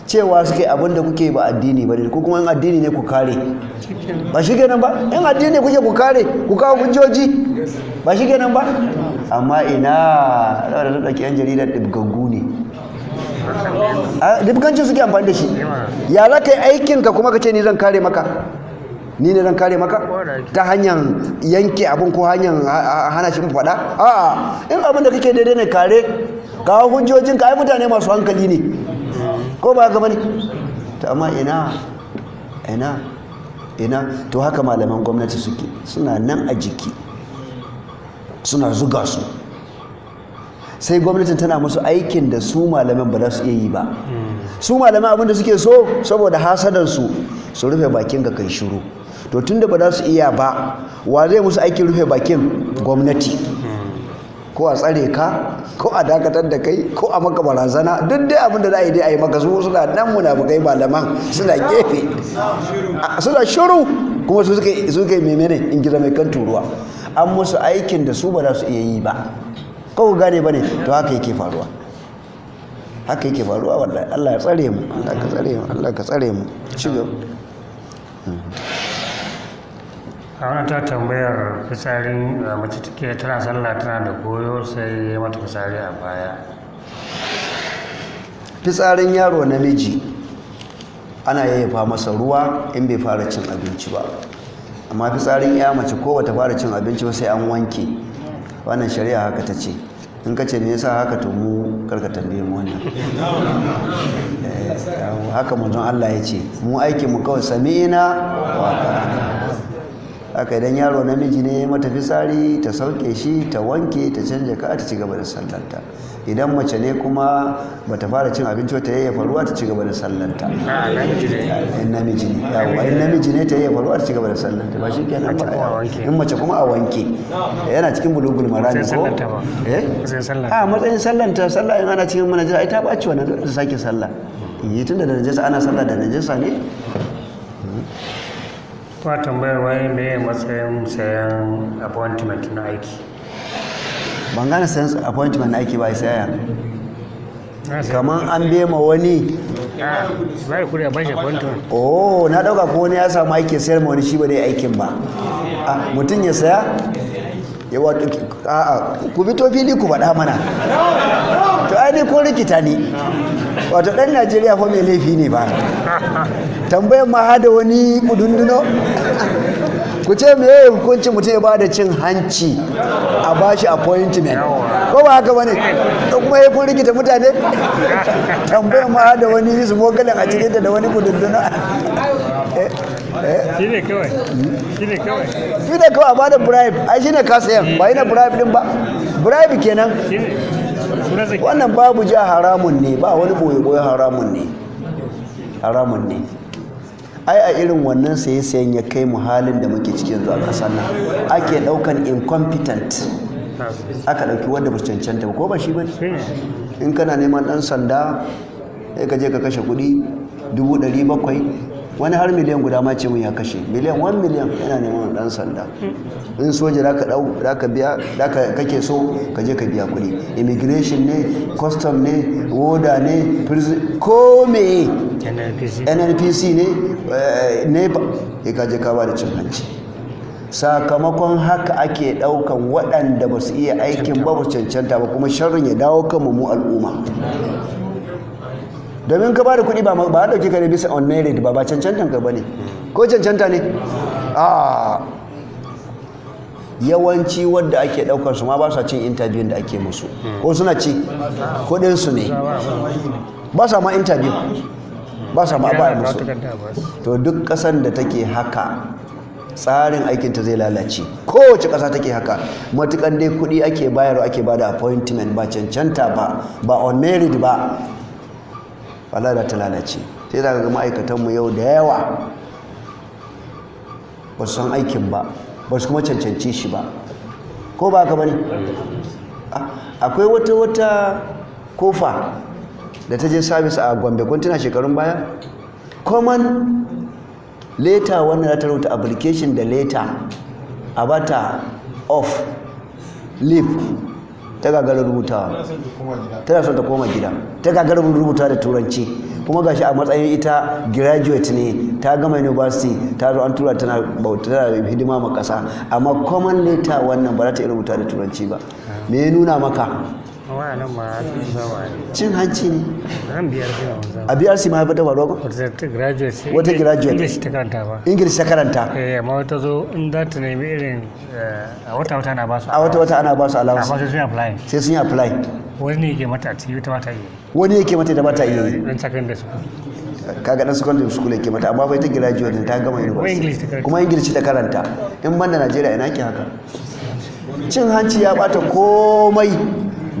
cewa suke abin da kuke ba addini ba ne ko kuma in addini ne ku kare ba shi kenan ba in addini ne kuke ku kare ku kawo hujjoji ba shi kenan ba amma ina da da ɗauki yan jarida ɗibgaggu ne dibgancin suke amfani da shi ya za ka aikinka kuma ka ce ni zan kare maka ni ne zan kare maka ta hanyar yanke abin ko hanyar hana shi mu faɗa a'a in abin da kake daidai ne kare kawo hujjojin ka ai mutane masu hankali ne ko ba ga ne to amma ina ina ina to haka malaman gwamnati suke suna nan a jiki suna zuga su sai gwamnatin tana musu aikin da su malaman ba za su iya yi ba hmm. su malaman abinda suke so saboda hasadarsu su rufe bakin ga kai shiru to tunda ba za su iya ba wa zai musu aikin rufe bakin gwamnati ko a tsare ka ko a dakatar da kai ko a maka barazana duk dai abin da za a yi dai a yi maka su suna nan munafukai malaman suna gefe suna shiru kuma su suka yi menene in gida mai kan turuwa an musu aikin da su ba za su iya yi ba ko gane ba ne to haka yake faruwa haka yake faruwa wallahi Allah ya tsare mu Allah ka tsare mu Allah ka tsare mu a wani ta tambayar fitsarin eh, mace take tana sallah tana da koyo sai ya mata fitsari a baya fitsarin yaro namiji ana yayyafa masa ruwa in bai fara cin abinci ba amma fitsarin ya mace ko bata fara cin abinci ba sai an wanke wannan shari'a haka ta ce in ka ce me yasa haka to mu karka tambaye mu wannan eh, haka manzon Allah ya ce mu aikin mu kawai sami'ina wa ta'ala aka idan yaro namiji ne mata ta sauke shi ta wanke ta canja ka ta ci gaba da sallanta idan mace ne kuma bata fara cin abinci ta yayyafa faruwa ta ci gaba da sallanta a namiji ne yawa in namiji ne ta yayyafa faruwa ta ci gaba da sallanta ba shi kenan ba in mace kuma a wanke yana cikin bulugul marami ko eh a matsayin sallanta sallah in ana cikin manajira ai ta ci wannan dole sake sallah yi tunda da najasa ana sallah da najasa ne kuma tambayar ne me matsayin sayan appointment na aiki ban gane sayan appointment na aiki ba saya kamar an bema wani a oh na dauka ko wani ya samu aiki sayar ma wani shi ba dai aikin ba ah, mutum ya saya ya wato a'a ku fito fili ku faɗa mana to ai dai ko rikita ne wato ɗan najeriya fa mai laifi ne ba tambayan ma hada wani mudunduno ku ce me yayin hukuncin mutum ya bada cin hanci a ba shi appointment ko ba haka bane ko kuma ya kun rikita mutane tambayan ma hada wani su mogalin a cikin da wani mudunduno eh, eh. shi ne kawai shi ne kawai shi ne kawai a bada bribe ai shi ne kasayan ba yana bribe din ba bribe kenan wannan babu ja haramun ne ba wani boye-boye haramun ne haramun ne ai a irin wannan saye sayen ya kai mu halin da muke cikin a kasar nan ake daukan incompetent aka dauki wanda ba cancanta ba ko ba shi ba in kana neman dan sanda sai ka je ka kashe kudi dubu dari bakwai wani har miliyan guda ma ce mun ya kashe miliyan 1 miliyan yana neman dan sanda in soja zaka dau zaka biya zaka kake so ka je ka biya kuɗi immigration ne custom ne woda ne ko me NNPC ne eh, ne ka je ka ba da cin hanci sakamakon haka ake daukan waɗanda ba su iya aikin ba ba cancanta ba kuma sharrin ya dawo kan mu al'umma domin ka bada kuɗi ba ba ɗauki ka ne bisa on merit ba ba cancanta ka ne ko cancanta ne a yawanci wadda ake daukar su ma ba sa cin interview da ake musu ko suna ci kuɗinsu ne ba sa ma interview ba sa ma ba musu to duk ƙasan da take haka tsarin aikinta zai lalace kowace ƙasa take haka matukan dai kuɗi ake bayarwa ake bada appointment ba cancanta ba ba on merit ba wala da ta lalace sai za ga ma'aikatanmu yau da yawa ba su san aikin ba ba su kuma cancanci shi ba ko ba ka bane akwai wata wata kofa da ta je sabis a gombe kun shekarun baya common leta wannan ta rauta application da leta a bata of leave ta gagara rubutawa tana son ta koma gida ta gagara rubuta da turanci kuma gashi a matsayin ita graduate ne ta gama university ta zo an tura tana bauta da hidima ma kasa amma common letter wannan ba za ta rubuta da turanci ba me ya nuna maka cin hanci ne a biyar su ma haifar da ba wata graduate english ta karanta ba english ta karanta eh amma wata zo in za ta nemi irin eh, a wata wata ana basu a wata wata ana ba su allowance amma sai sun apply sai sun apply wani ne yake mata ci ta mata yi wani yake mata ta mata yi eh, dan secondary school kaga dan su kula yake mata amma fa ita graduate ta gama university kuma english ta karanta in ban da najeriya ina ke haka cin hanci ya bata komai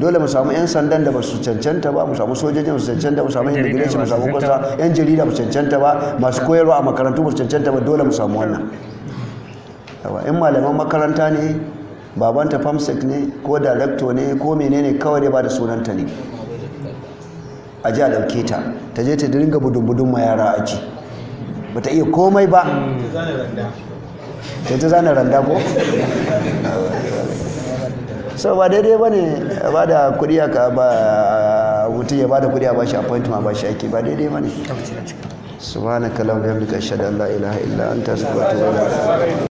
dole mu samu yan sandan da ba su cancanta ba mu samu sojoji su cancanta mu samu immigration mu samu kwanza yan jarida mu cancanta ba masu koyarwa a makarantu mu cancanta ba dole mu samu wannan in malaman makaranta ne babanta famsek ne ko darakto ne ko menene kawai ba da sunanta ne a ji a ɗauke ta ta je ta dinga budun-budun ma yara aji ba ta iya komai ba ta ta randa ko so ba daidai ba ne ba da kuɗi a ba wuti ya ba da kuɗi a bashi ma ba shi ake ba daidai ba ne subhanaka allahumma wa bihamdika ashhadu an la ilaha illa anta astaghfiruka wa atubu